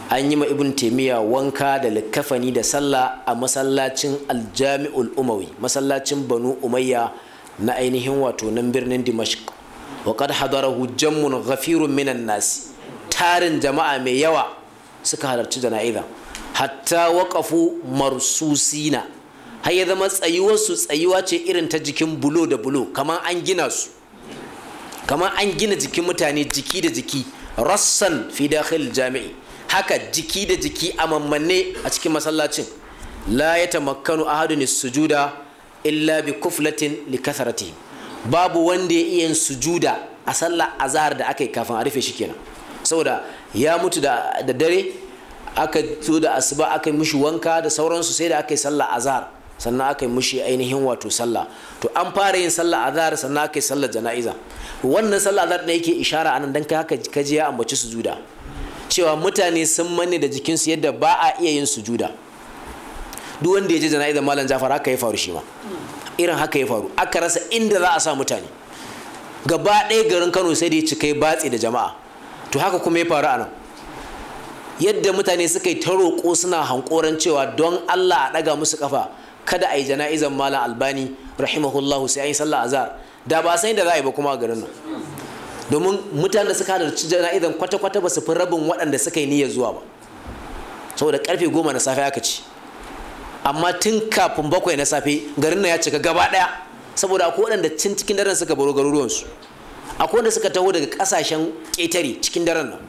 [SPEAKER 1] an yi ma ibn taimiyya wanka da likafani da sallah a masallacin aljami'ul umawi masallacin banu umayya na ainihin wato nan birnin dimashq wa qad hadarahu jammun ghafirun minan nasi. tarin jama'a mai yawa suka halarci jana'iza hatta waƙafu marsusina har ya zama tsayuwarsu tsayuwa ce irin ta jikin bulo da bulo kamar an gina su kamar an gina jikin mutane jiki da jiki rassan fi dakhil jami'i haka jiki da jiki a mammanne a cikin masallacin la ya tamakkanu ahadun sujuda illa bi kuflatin li kasarati babu wanda ya iya sujuda a sallar azhar da aka yi kafin a rufe shi kenan saboda ya mutu da dare aka zo da asuba aka yi mishi wanka da sauransu sai da aka yi sallar azhar sannan aka yi mushi ainihin wato sallah to an fara yin sallah azhar sannan aka yi sallah jana'iza wannan sallah azhar ne yake ishara anan dan kai haka kaje ya ambaci sujuda cewa mutane sun manne da jikinsu yadda ba a iya yin sujuda duk wanda ya je janaiza malam jafar haka ya faru shi ma irin haka ya faru aka rasa inda za a sa mutane gaba ɗaya garin kano sai da ya cikai batsi da jama'a to haka kuma ya faru anan yadda mutane suka yi ta roƙo suna hankoran cewa don allah a ɗaga musu kafa kada a yi jana'izan malam albani rahimahullahu sai an yi sallah azhar da ba san da za a yi ba kuma a garin nan domin mutanen da suka halarci jana'izan kwata-kwata ba su fi rabin waɗanda suka yi niyyar zuwa ba saboda karfe goma na safe aka ci amma tun kafin bakwai na safe garin nan ya cika gaba ɗaya saboda akwai waɗanda cin cikin daren suka baro garuruwansu akwai wanda suka taho daga ƙasashen ƙetare cikin daren nan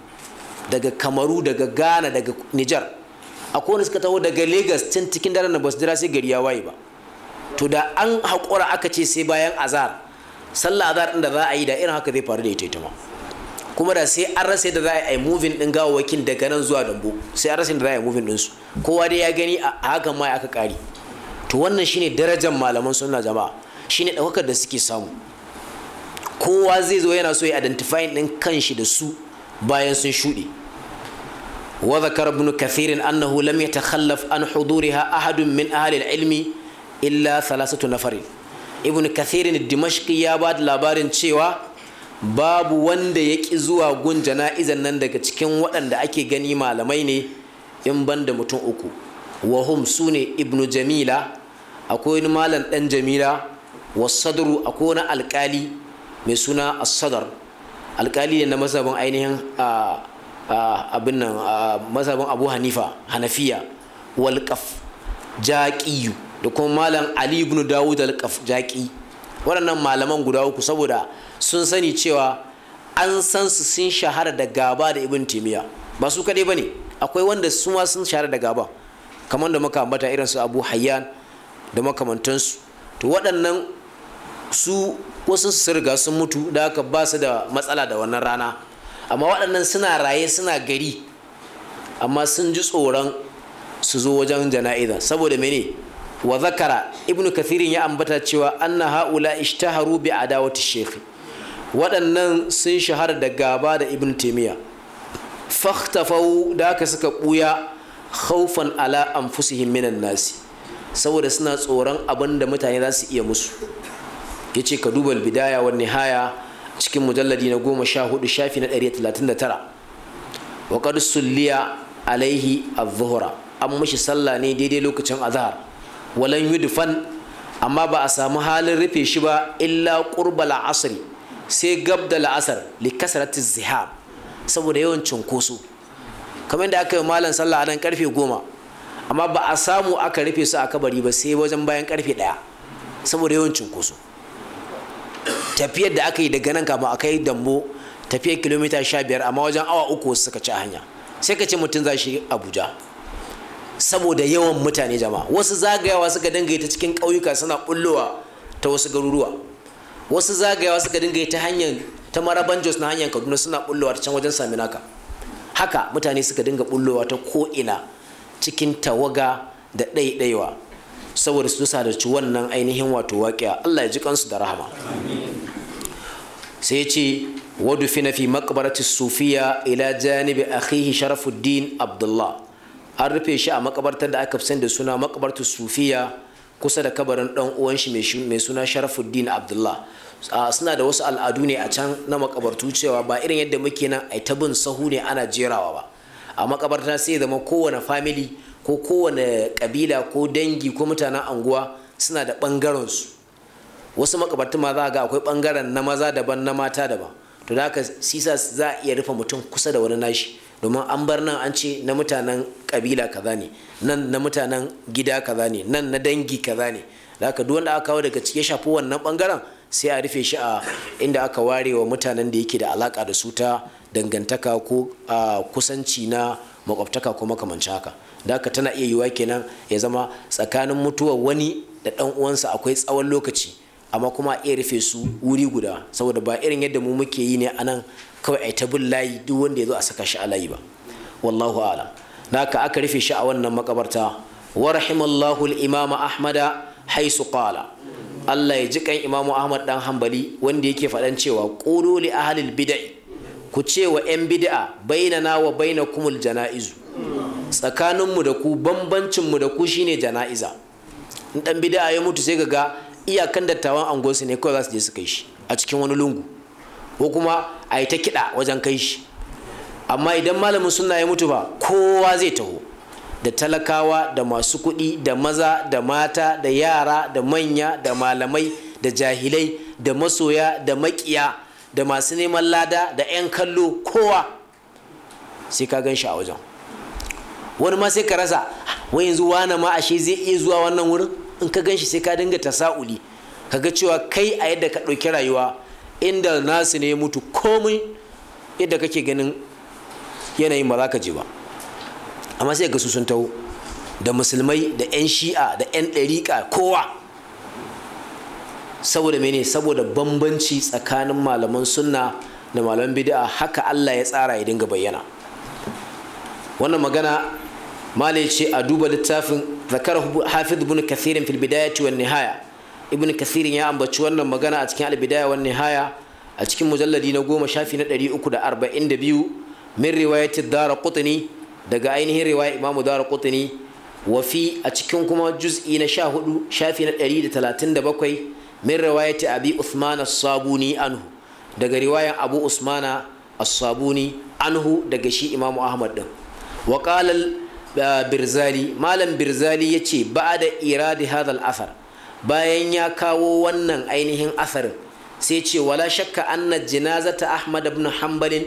[SPEAKER 1] daga kamaru daga ghana daga nijar akwai wani suka taho daga lagos tun cikin daren da ba jira sai gari ya waye ba to da an haƙura aka ce sai bayan azar sallah azar ɗin da za a yi da irin haka zai faru da ita ita ma kuma da sai an rasa da za a yi movin ɗin gawawakin daga nan zuwa dambo sai an rasa da za a yi din ɗinsu kowa dai ya gani a hakan ma aka ƙari to wannan shine darajar malaman sunna jama'a shine ɗaukakar da suke samu kowa zai zo yana so ya identifying ɗin kanshi da su bayan sun shuɗe وذكر ابن كثير أنه لم يتخلف عن حضورها أحد من أهل العلم إلا ثلاثة نفر ابن كثير الدمشقي يا بعد labarin cewa babu wanda ya ki zuwa gun jana'izan nan daga cikin waɗanda ake gani malamai ne in ban da mutum uku wahum su ne ibnu jamila akwai malam ɗan jamila wasadru akwai wani alƙali mai suna asadar alkali ne na mazhabin ainihin a abin nan mazhabin abu hanifa hanafiya walƙaf jaƙiyu da kuma malam ali ibn dawud alƙaf jaƙi waɗannan malaman guda uku saboda sun sani cewa an san su sun shahara da gaba da ibn timiya ba su kaɗai ba ne akwai wanda su ma sun shahara da gaba kamar da muka ambata irin su abu hayyan da makamantansu to waɗannan su wasu su riga sun mutu da haka ba su da matsala da wannan rana amma waɗannan suna raye suna gari amma sun ji tsoron su zo wajen jana'iza saboda mene wa zakara ibnu kathirin ya ambata cewa anna haula ishtaharu bi adawati shekhi waɗannan sun shahara da gaba da ibn taimiyya fakhtafau da aka suka ɓuya haufan ala anfusihim minan nasi saboda suna tsoron abin da mutane za su iya musu yace ka duba bidaya wa nihaya cikin mujalladi na goma sha hudu shafi na ɗari talatin da tara waƙar sulliya alaihi azuhura an mashi sallah ne daidai lokacin azhar walan yudfan amma ba a samu halin rufe shi ba illa ƙurba la'asari sai gab da la'asar li zihar zihar saboda yawan cunkoso kamar yadda aka yi malam sallah nan karfe goma amma ba a samu aka rufe su a kabari ba sai wajen bayan karfe ɗaya saboda yawan cunkoso tafiyar da aka yi daga nan kafin aka yi dambo tafiyar kilomita sha biyar amma wajen awa uku suka ci hanya sai ka ce mutum za shi abuja saboda yawan mutane jama wasu zagayawa suka dinga ta cikin ƙauyuka suna ɓullowa ta wasu garuruwa wasu zagayawa suka dinga ta hanyar ta maraban jos na hanyar kaduna suna bullowa ta can wajen saminaka haka mutane suka dinga ɓullowa ta ko'ina cikin tawaga da ɗaiɗaiwa saboda su ci wannan ainihin wato waƙiya Allah ya ji kansu da rahama sai ce wadu fi na fi makabarati sufiya ila janibi akhihi sharafuddin abdullah an rufe shi a makabartar da aka fi da suna makabartar sufiya kusa da kabarin dan uwan shi mai suna sharafuddin abdullah suna da wasu al'adu ne a can na makabartu cewa ba irin yadda muke nan ai ta bin sahu ne ana jerawa ba a makabarta sai zama kowane family ko kowane kabila ko dangi ko mutanen anguwa suna da ɓangarensu wasu makabartun ma za ga akwai ɓangaren na maza daban na mata daban to da haka sisa za a iya rufe mutum kusa da wani nashi domin an bar nan an ce na mutanen kabila kaza ne nan na mutanen gida kaza ne nan na dangi kaza ne da haka duk wanda aka kawo daga cike shafi wannan ɓangaren sai a rufe shi a inda aka ware wa mutanen da yake da alaka da su ta dangantaka ko kusanci na makwabtaka ko makamancin haka da haka tana iya yiwuwa kenan ya zama tsakanin mutuwar wani da ɗan uwansa akwai tsawon lokaci amma kuma iya rufe su wuri guda saboda ba irin yadda mu muke yi ne a nan kawai ai ta bin layi duk wanda ya zo a saka shi a layi ba wallahu alam da haka aka rufe shi a wannan makabarta wa rahimallahu al-imama ahmada haisu qala Allah ya ji kan imamu ahmad dan hanbali wanda yake faɗan cewa qulu li ahlil bid'ah ku ce wa 'yan bid'a bainana wa bainakumul janaizu tsakaninmu da ku bambancinmu da ku shine jana'iza in dan bid'a ya mutu sai ka ga iyakan dattawan su ne kawai za su je su kai shi a cikin wani lungu ko kuma a yi ta kiɗa wajen kai shi amma idan malamin suna ya mutu ba kowa zai taho da talakawa da masu kuɗi da maza da mata da yara da manya da malamai da jahilai da masoya da maƙiya da masu neman lada da 'yan kallo kowa sai ka gan shi a wajen wani ma sai ka rasa wai yanzu wani ma ashe zai iya zuwa wannan wurin in ka ganshi sai ka dinga ta ka ga cewa kai a yadda ka ɗauki rayuwa inda nasu ne mutu komai yadda kake ganin yanayin ba za ka je ba amma sai ga su sun taho da musulmai da 'yan shi'a da 'yan ɗariƙa kowa saboda mene saboda bambanci tsakanin malaman sunna da malaman bid'a haka Allah ya tsara ya dinga bayyana wannan magana malai ce a duba littafin zakar hafiz ibn kathirin fil bidayati wan nihaya ibn kathirin ya ambaci wannan magana a cikin albidaya wan nihaya a cikin mujalladi na goma shafi na 342 min riwayati dara qutni daga ainihin riwaya imam dara qutni wa fi a cikin kuma juz'i na 14 shafi na 137 min riwayati abi usman as-sabuni anhu daga riwayan abu usmana as-sabuni anhu daga shi imamu ahmad din wa qala birzali malam birzali ya ce ba da iradi hadal asar bayan ya kawo wannan ainihin asarin sai ce wala shakka anna jinazata ahmad ibn hanbalin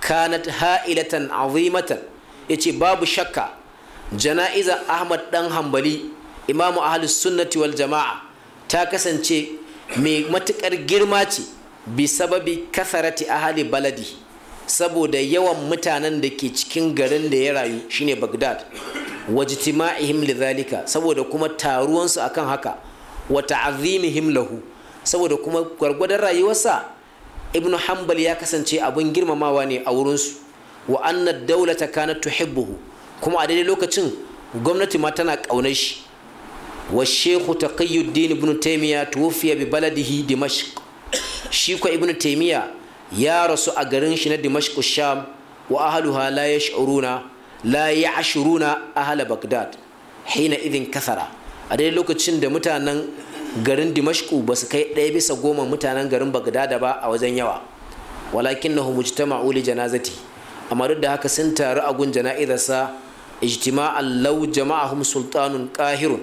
[SPEAKER 1] kanat ha'ilatan azimatan ce babu shakka jana'iza ahmad dan hanbali imamu ahlus sunnati wal jama'a ta kasance mai matukar girma ce bi sababi kasarati ahli baladi saboda yawan mutanen da ke cikin garin da ya rayu shine bagdad Baghdad da zalika saboda kuma taruwansu akan haka wa azimihim lahu saboda kuma gwargwadon rayuwarsa ibnu hanbal ya kasance abin girmamawa ne a wurinsu wa anna daulata kana tuhibbuhu kuma a daidai lokacin gwamnati ma tana ƙaunar shi wa shehu taqiyuddin ibnu taymiya tuwfiya bi baladihi dimashq shi ko ibnu taymiya ya rasu a garin shi na dimashku sham wa ahluha la ya shuruna la ya ya'shuruna ahla bagdad hina idin kasara a dai lokacin da mutanen garin dimashku ba su kai ɗaya bisa goma mutanen garin bagdada ba a wajen yawa walakin na ta ma'uli janazati amma duk da haka sun taru a gun jana'izarsa ijtima'an law jama'ahum sultanun kahirun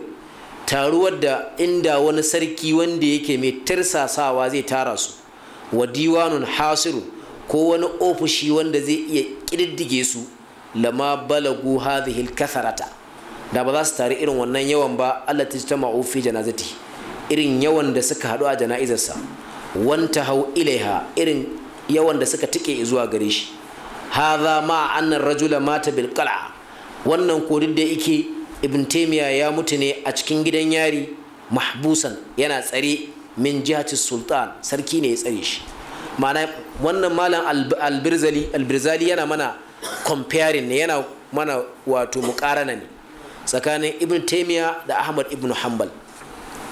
[SPEAKER 1] taruwar da inda wani sarki wanda yake mai tirsasawa zai tara su wa diwanun hasiru ko wani ofishi wanda zai iya ƙididdige su lama balagu hadhihi kasarata da ba za su tare irin wannan yawan ba Allah ta jama'u fi janazati irin yawan da suka hadu a jana'izarsa wanta hau ilaiha irin yawan da suka tike zuwa gare shi hadha ma annar rajula mata bil qala wannan ko da yake ibn taymiya ya mutu ne a cikin gidan yari mahbusan yana tsare min jihati sultan sarki ne ya tsare shi ma'ana wannan malam albirzali albirzali yana mana comparing ne yana mana wato mukarana ne tsakanin ibn taimiya da ahmad ibn hanbal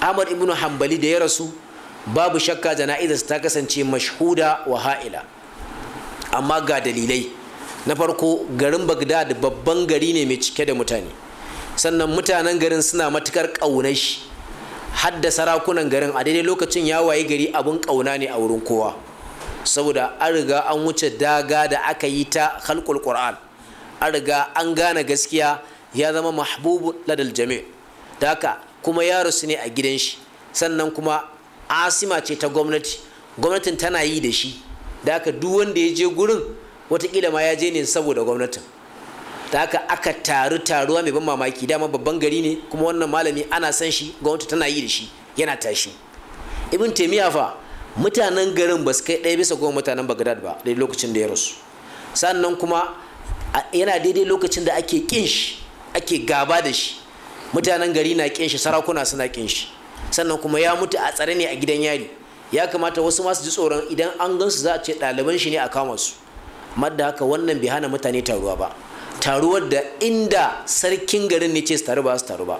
[SPEAKER 1] ahmad ibn hanbali da ya rasu babu shakka jana'izar ta kasance mashhuda wa ha'ila amma ga dalilai na farko garin bagdad babban gari ne mai cike da mutane sannan mutanen garin suna matukar ƙaunar shi hadda sarakunan garin a daidai lokacin ya wayi gari abin kauna ne a wurin kowa saboda an riga an wuce daga da aka yi ta halkul qur'an an riga an gane gaskiya ya zama mahbubu ladal jami' daka kuma yaro su ne a gidan shi sannan kuma asima ce ta gwamnati gwamnatin tana yi da shi daka duk wanda ya je gurin watakila ma ya je ne saboda gwamnatin da haka aka taru taruwa mai ban mamaki dama babban gari ne kuma wannan malami ana san shi gwamnati tana yi da shi yana tashi ibn taimiyya fa mutanen garin ba su kai ɗaya bisa goma mutanen bagdad ba daidai lokacin da ya rasu sannan kuma yana daidai lokacin da ake kin shi ake gaba da shi mutanen gari na kin shi sarakuna suna kin shi sannan kuma ya mutu a tsare ne a gidan yari ya kamata wasu masu ji tsoron idan an gansu za a ce ɗaliban shi ne a kama su madda haka wannan bai hana mutane taruwa ba taruwar da inda sarkin garin ne ce su taru ba su taru ba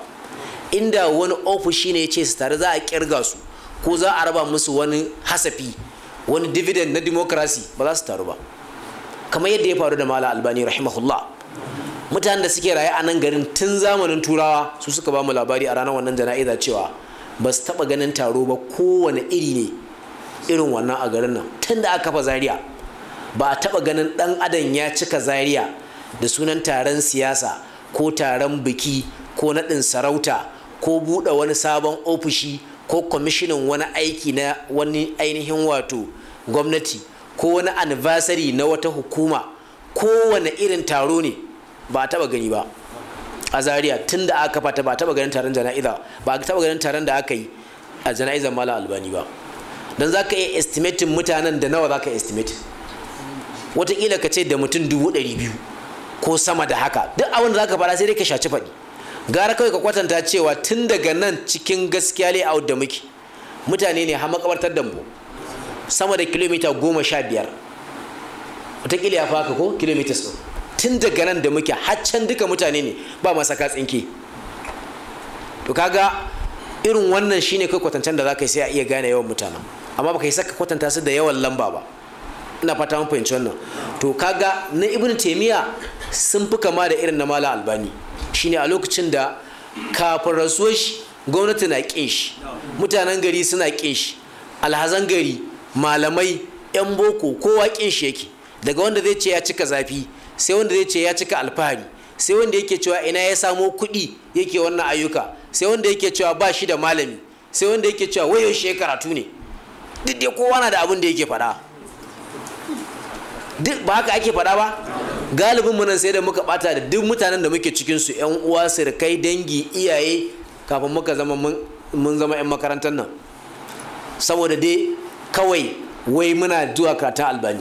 [SPEAKER 1] inda wani ofishi ne ce su taru za a kirga su ko za a raba musu wani hasafi wani dividend na demokrasi ba za su taru ba kamar yadda ya faru da mala albani rahimahullah mutanen da suke raye a nan garin tun zamanin turawa su suka ba mu labari a ranar wannan jana'iza cewa ba su taɓa ganin taro ba kowane iri ne irin wannan a garin nan tun da aka fa Zariya ba a taba ganin dan adam ya cika zaria da sunan taron siyasa ko taron biki ko naɗin sarauta ko buɗe wani sabon ofishi ko kwamishinin wani aiki na wani ainihin wato gwamnati ko wani anniversary na wata hukuma kowane irin taro ne ba a taɓa gani ba a zaria tun da aka fata ba a taɓa ganin taron jana'iza ba a taɓa ganin taron da aka yi a jana'izar mala albani ba don za ka iya estimatin mutanen da nawa za ka estimate watakila ka ce da mutum dubu ɗari biyu ko sama da haka duk abin da zaka fara sai dai ka shaci faɗi gara kawai ka kwatanta cewa tun daga nan cikin gaskiya a da muke mutane ne har makabartar da mu sama da kilomita goma sha biyar wataƙila ya faka ko kilomita su tun daga nan da muke haccan duka mutane ne ba ka tsinke to kaga irin wannan shine kai kwatancen da za ka yi sai a iya gane yawan mutanen amma baka yi saka kwatanta su da yawan lamba ba ina fata mun fahimci wannan to kaga na ibnu taymiya sun fi kama da irin na mala albani shine a lokacin da kafin rasuwar shi gwamnati na ƙin shi mutanen gari suna ƙin shi alhazan gari malamai 'yan boko kowa ƙin shi yake daga wanda zai ce ya cika zafi sai wanda zai ce ya cika alfahari sai wanda yake cewa ina ya samo kuɗi yake wannan ayyuka sai wanda yake cewa ba shi da malami sai wanda yake cewa wayo shi karatu ne duk dai kowa na da abin da yake faɗa duk ba haka ake faɗa ba galibin mu nan sai da muka bata da duk mutanen da muke cikin su yan uwa sirkai dangi iyaye kafin muka zama mun zama yan makarantar nan saboda dai kawai wai muna zuwa karatun albani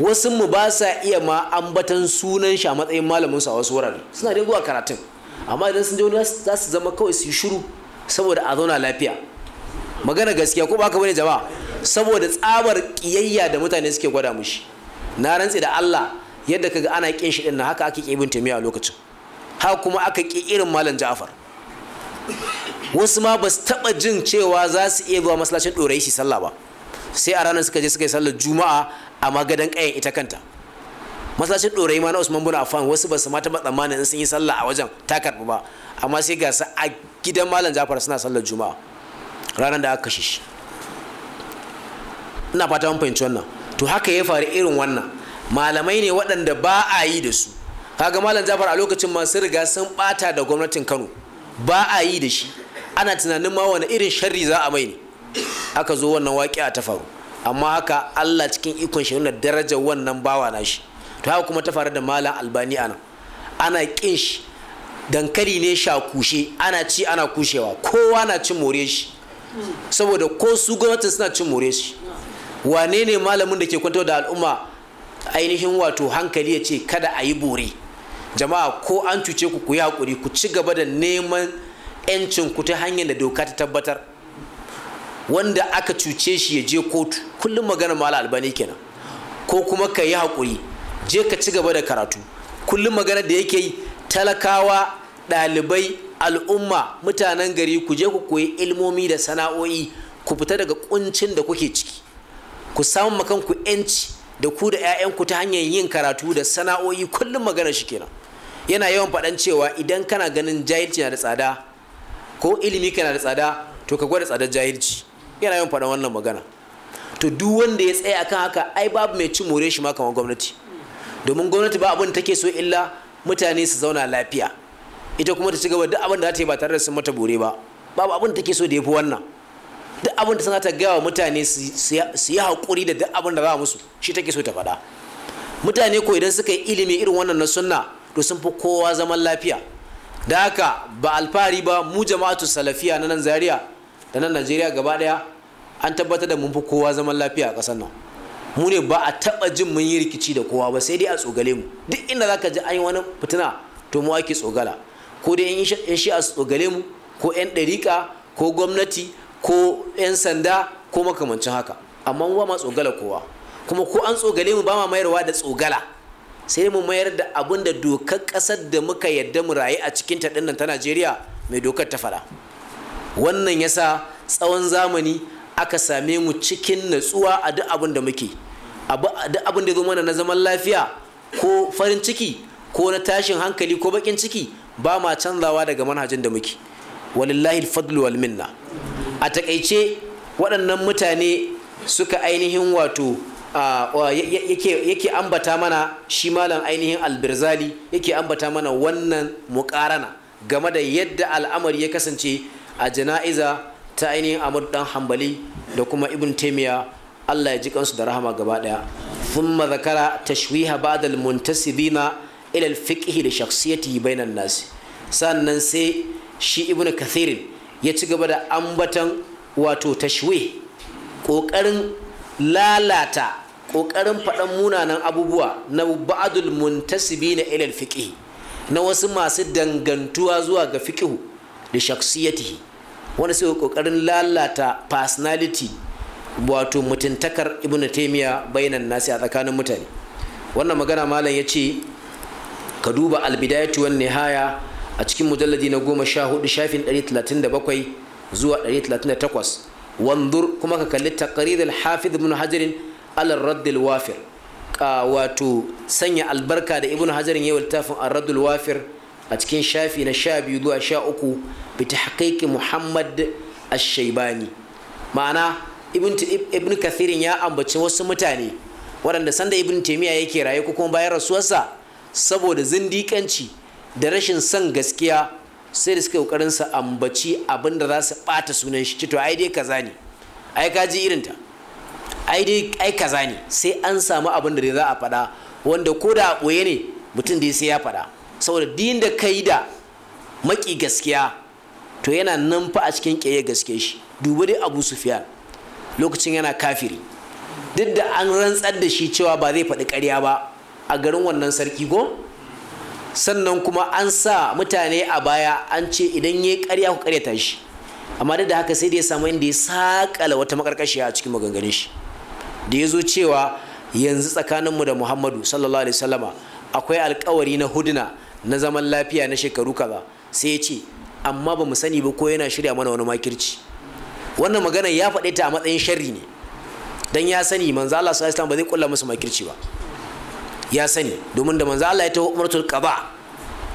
[SPEAKER 1] wasu mu ba sa iya ma ambatan sunan shi a matsayin malamin su a wasu wurare suna dai zuwa karatun amma idan sun je wani za su zama kawai su yi shiru saboda a zauna lafiya magana gaskiya ko ba ka bane jama'a saboda tsabar kiyayya da mutane suke gwada mushi na rantse da Allah yadda kaga ana kin shi din haka ake ibn taymiya a lokacin ha kuma aka ki irin malam ja'far wasu ma ba su taba jin cewa za su iya zuwa masallacin dorai shi sallah ba sai a ranar suka je suka yi sallar juma'a a magadan kayan ita kanta masallacin dorai ma na usman bin affan wasu ba su ma taba tsammanin sun yi sallah a wajen ta karbu ba amma sai ga a gidan malam ja'far suna sallar juma'a ranar da aka kashe shi ina fata mun fahimci wannan to haka ya faru irin wannan malamai ne waɗanda ba a yi da su kaga malam jafar a lokacin ma riga sun bata da gwamnatin kano ba a yi da shi ana tunanin ma wani irin sharri za a mai ne aka zo wannan waƙi a ta faru amma haka allah cikin ikon shi nuna darajar wannan bawa na shi to haka kuma ta faru da malam albani ana ana ƙin shi dankali ne sha kushe ana ci ana kushewa kowa na cin more shi saboda ko su gwamnatin suna cin more shi wane ne malamin da ke kwantar da al'umma ainihin wato hankali ya ce kada a yi bore jama'a ko an cuce ku ku yi haƙuri ku ci gaba da neman 'yancin ku ta hanyar da doka ta tabbatar wanda aka cuce shi ya je kotu kullum magana mala albani kenan ko kuma ka yi haƙuri je ka ci gaba da karatu kullum magana da yake yi talakawa ɗalibai al'umma mutanen gari ku je ku koyi ilmomi da sana'o'i ku fita daga kuncin da kuke ciki ku samu makanku 'yanci da ku da 'ya'yanku ta hanyar yin karatu da sana'o'i kullum magana shi kenan yana yawan faɗan cewa idan kana ganin jahilci na da tsada ko ilimi kana da tsada to ka gwada tsadar jahilci yana yawan faɗan wannan magana to duk wanda ya tsaya akan haka ai babu mai cin more shi ma kamar gwamnati domin gwamnati ba abin take so illa mutane su zauna lafiya ita kuma ta ci gaba duk abin da ta yi ba tare da sun mata bore ba babu abin da take so da ya fi wannan duk abin da suna ta gaya wa mutane su yi haƙuri da duk abin da za musu shi take so ta faɗa mutane ko idan suka yi ilimi irin wannan na sunna to sun fi kowa zaman lafiya da haka ba alfahari ba mu jama'atu salafiya na nan zaria da nan najeriya gaba ɗaya an tabbatar da mun fi kowa zaman lafiya a ƙasar nan mu ne ba a taɓa jin mun yi rikici da kowa ba sai dai a tsogale mu duk inda za ka ji an yi wani fitina to mu ake tsogala ko dai in shi a tsogale mu ko 'yan ɗariƙa ko gwamnati ko 'yan sanda ko makamancin haka amma mu ba ma tsogala kowa kuma ko an tsogale mu ba ma mayarwa da tsogala sai mu mayar da abin da dokar ƙasar da muka yadda mu rayu a cikin ta ta Najeriya mai dokar ta faɗa wannan yasa tsawon zamani aka same mu cikin natsuwa a duk abin da muke duk abin da zo mana na zaman lafiya ko farin ciki ko na tashin hankali ko bakin ciki ba ma canzawa daga manhajin da muke walillahi alfadlu wal minna a takaice waɗannan mutane suka ainihin wato yake ambata mana shi malam ainihin albirzali yake ambata mana wannan muƙarana game da yadda al'amari ya kasance a jana'iza ta ainihin amadu dan hambali da kuma ibn taimiya allah ya ji kansu da rahama gaba ɗaya thumma zakara tashwiha badal muntasibina ila al-fiqh li shakhsiyatihi bainan nas sannan sai shi ibnu kathirin ya ci gaba da ambatan wato tashwe ƙoƙarin lalata ƙoƙarin faɗan munanan abubuwa na ba'adul muntasibi na ilal fiƙi na wasu masu dangantuwa zuwa ga fiƙi da shaksiyatihi wani sai ƙoƙarin lalata personality wato mutuntakar ibn taimiya bayanan nasi a tsakanin mutane wannan magana malam ya ce ka duba albidayatu wani nihaya a cikin mujalladi na goma sha hudu shafin 137 zuwa 138 wanzur kuma ka kalli taqrir al-hafiz ibn hajar ala radd al-wafir wato sanya albarka da ibn hajar yayin littafin ar-radd al-wafir a cikin shafi na 12 zuwa 13 bi tahqiqi muhammad ash-shaybani ma'ana ibn ibn kathirin ya ambaci wasu mutane waɗanda sanda ibn taymiya yake raye ko kuma bayan rasuwarsa saboda zindiƙanci da rashin son gaskiya sai da suka kokarin su ambaci abin da za su bata sunan shi ci to ai dai kaza ne ai ka ji irinta ai dai ai kaza ne sai an samu abin da za a faɗa wanda ko da a ɓoye ne mutum dai sai ya faɗa saboda din da kai da maki gaskiya to yana nan fa a cikin ƙeye gaske shi dubi dai abu sufiyan lokacin yana kafiri duk da an rantsar da shi cewa ba zai faɗi ƙarya ba a garin wannan sarki ko sannan kuma an sa mutane a baya an ce idan ya karya ku karyata shi amma duk da haka sai da ya samu inda ya sakala wata makarkashiya a cikin maganganun shi da ya zo cewa yanzu tsakaninmu da muhammadu sallallahu alaihi wasallama akwai alkawari na huduna na zaman lafiya na shekaru kaza sai ya ce amma ba mu sani ba ko yana shirya mana wani makirci wannan magana ya faɗe ta a matsayin sharri ne dan ya sani manzo Allah sallallahu alaihi wasallam ba zai kulla musu makirci ba ya sani domin da manzo Allah ya taho umratul qaba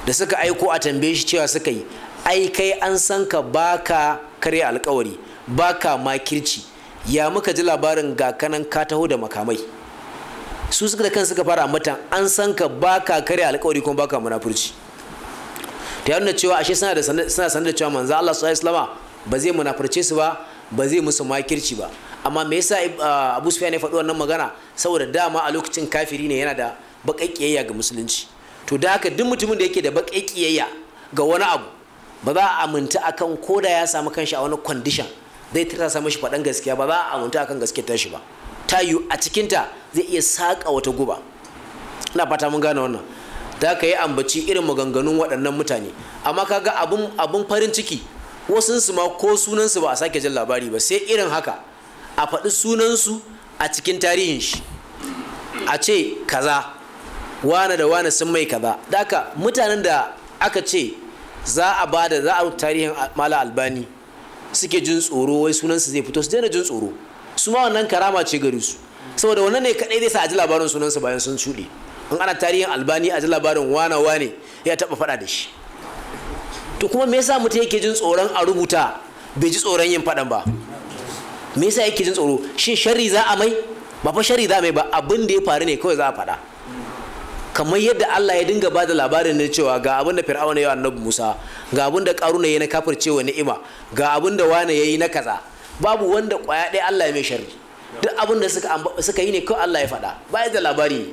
[SPEAKER 1] da suka aiko a tambaye shi cewa suka yi ai kai an san ka baka karya alkawari baka makirci ya muka ji labarin ga kanan ka taho da makamai su suka da kan suka fara mutan an san ka baka karya alkawari kuma baka munafurci ta nuna cewa ashe suna da suna sanar da cewa manzo Allah sallallahu alaihi wasallama ba zai munafurce su ba ba zai musu makirci ba amma me yasa eh, Abu Sufyan ne faɗi wannan magana saboda dama a lokacin kafiri ne yana da baƙaƙiyayya ga musulunci to da haka duk mutumin da yake da baƙaƙiyayya ga wani abu ba za a aminta akan ko da ya samu kanshi a wani condition zai sa mishi faɗan gaskiya ba za a aminta akan gaskiya shi ba ta yiwu a cikinta zai iya saƙa wata guba ina fata mun gane wannan da ka yi ambaci irin maganganun waɗannan mutane amma kaga abun abun farin ciki wasunsu ma ko sunansu ba a sake jin labari ba sai irin haka a faɗi sunansu a cikin tarihin shi a ce kaza wane da wane sun mai kaza da aka mutanen da aka ce za a ba da za a tarihin mala albani suke jin tsoro wai sunansu zai fito su daina jin tsoro su ma wannan karama ce gari su saboda wannan ne kadai zai sa a ji labarin sunansu bayan sun shuɗe in ana tarihin albani a ji labarin wana wane ya taɓa faɗa da shi to kuma me yasa mutum yake jin tsoron a rubuta bai ji tsoron yin faɗan ba me yasa yake jin tsoro shin sharri za a mai ba fa sharri za a mai ba abin da ya faru ne kawai za a faɗa kamar yadda Allah ya dinga bada labarin da cewa ga abin da Fir'auna ya yi annabi Musa ga abin da Karuna ya yi na kafircewa ni'ima ga abin da Wane ya yi na kaza babu wanda kwaya ɗaya Allah ya mai shari duk abin da suka suka yi ne kawai Allah ya faɗa ba da labari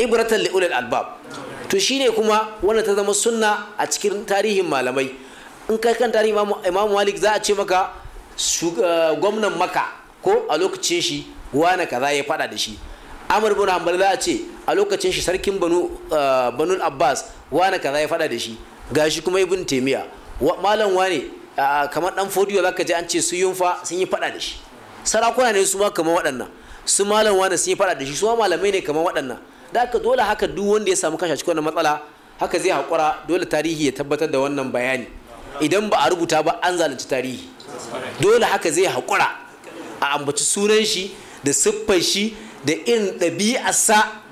[SPEAKER 1] ibratan li ulil albab to shine kuma wannan ta zama sunna a cikin tarihin malamai in kai kan tarihi Imam Malik za a ce maka gwamnan maka ko a lokacin shi wane kaza ya fada da shi amur bin hanbal za a ce a lokacin shi sarkin banu eh, banul abbas wane kaza ya fada da shi gashi kuma ibn taimiya malam wane kamar dan fodiyo zaka ji an ce su yunfa sun yi fada da shi sarakuna ne su ma kamar waɗannan su malam wane sun yi fada da shi su ma malamai ne kamar waɗannan da haka dole haka duk wanda ya samu kashe cikin wannan matsala haka zai haƙura dole tarihi ya tabbatar da wannan bayani idan ba a rubuta ba an zalunci tarihi dole haka zai haƙura a ambaci sunan shi da siffan shi da irin ɗabi'arsa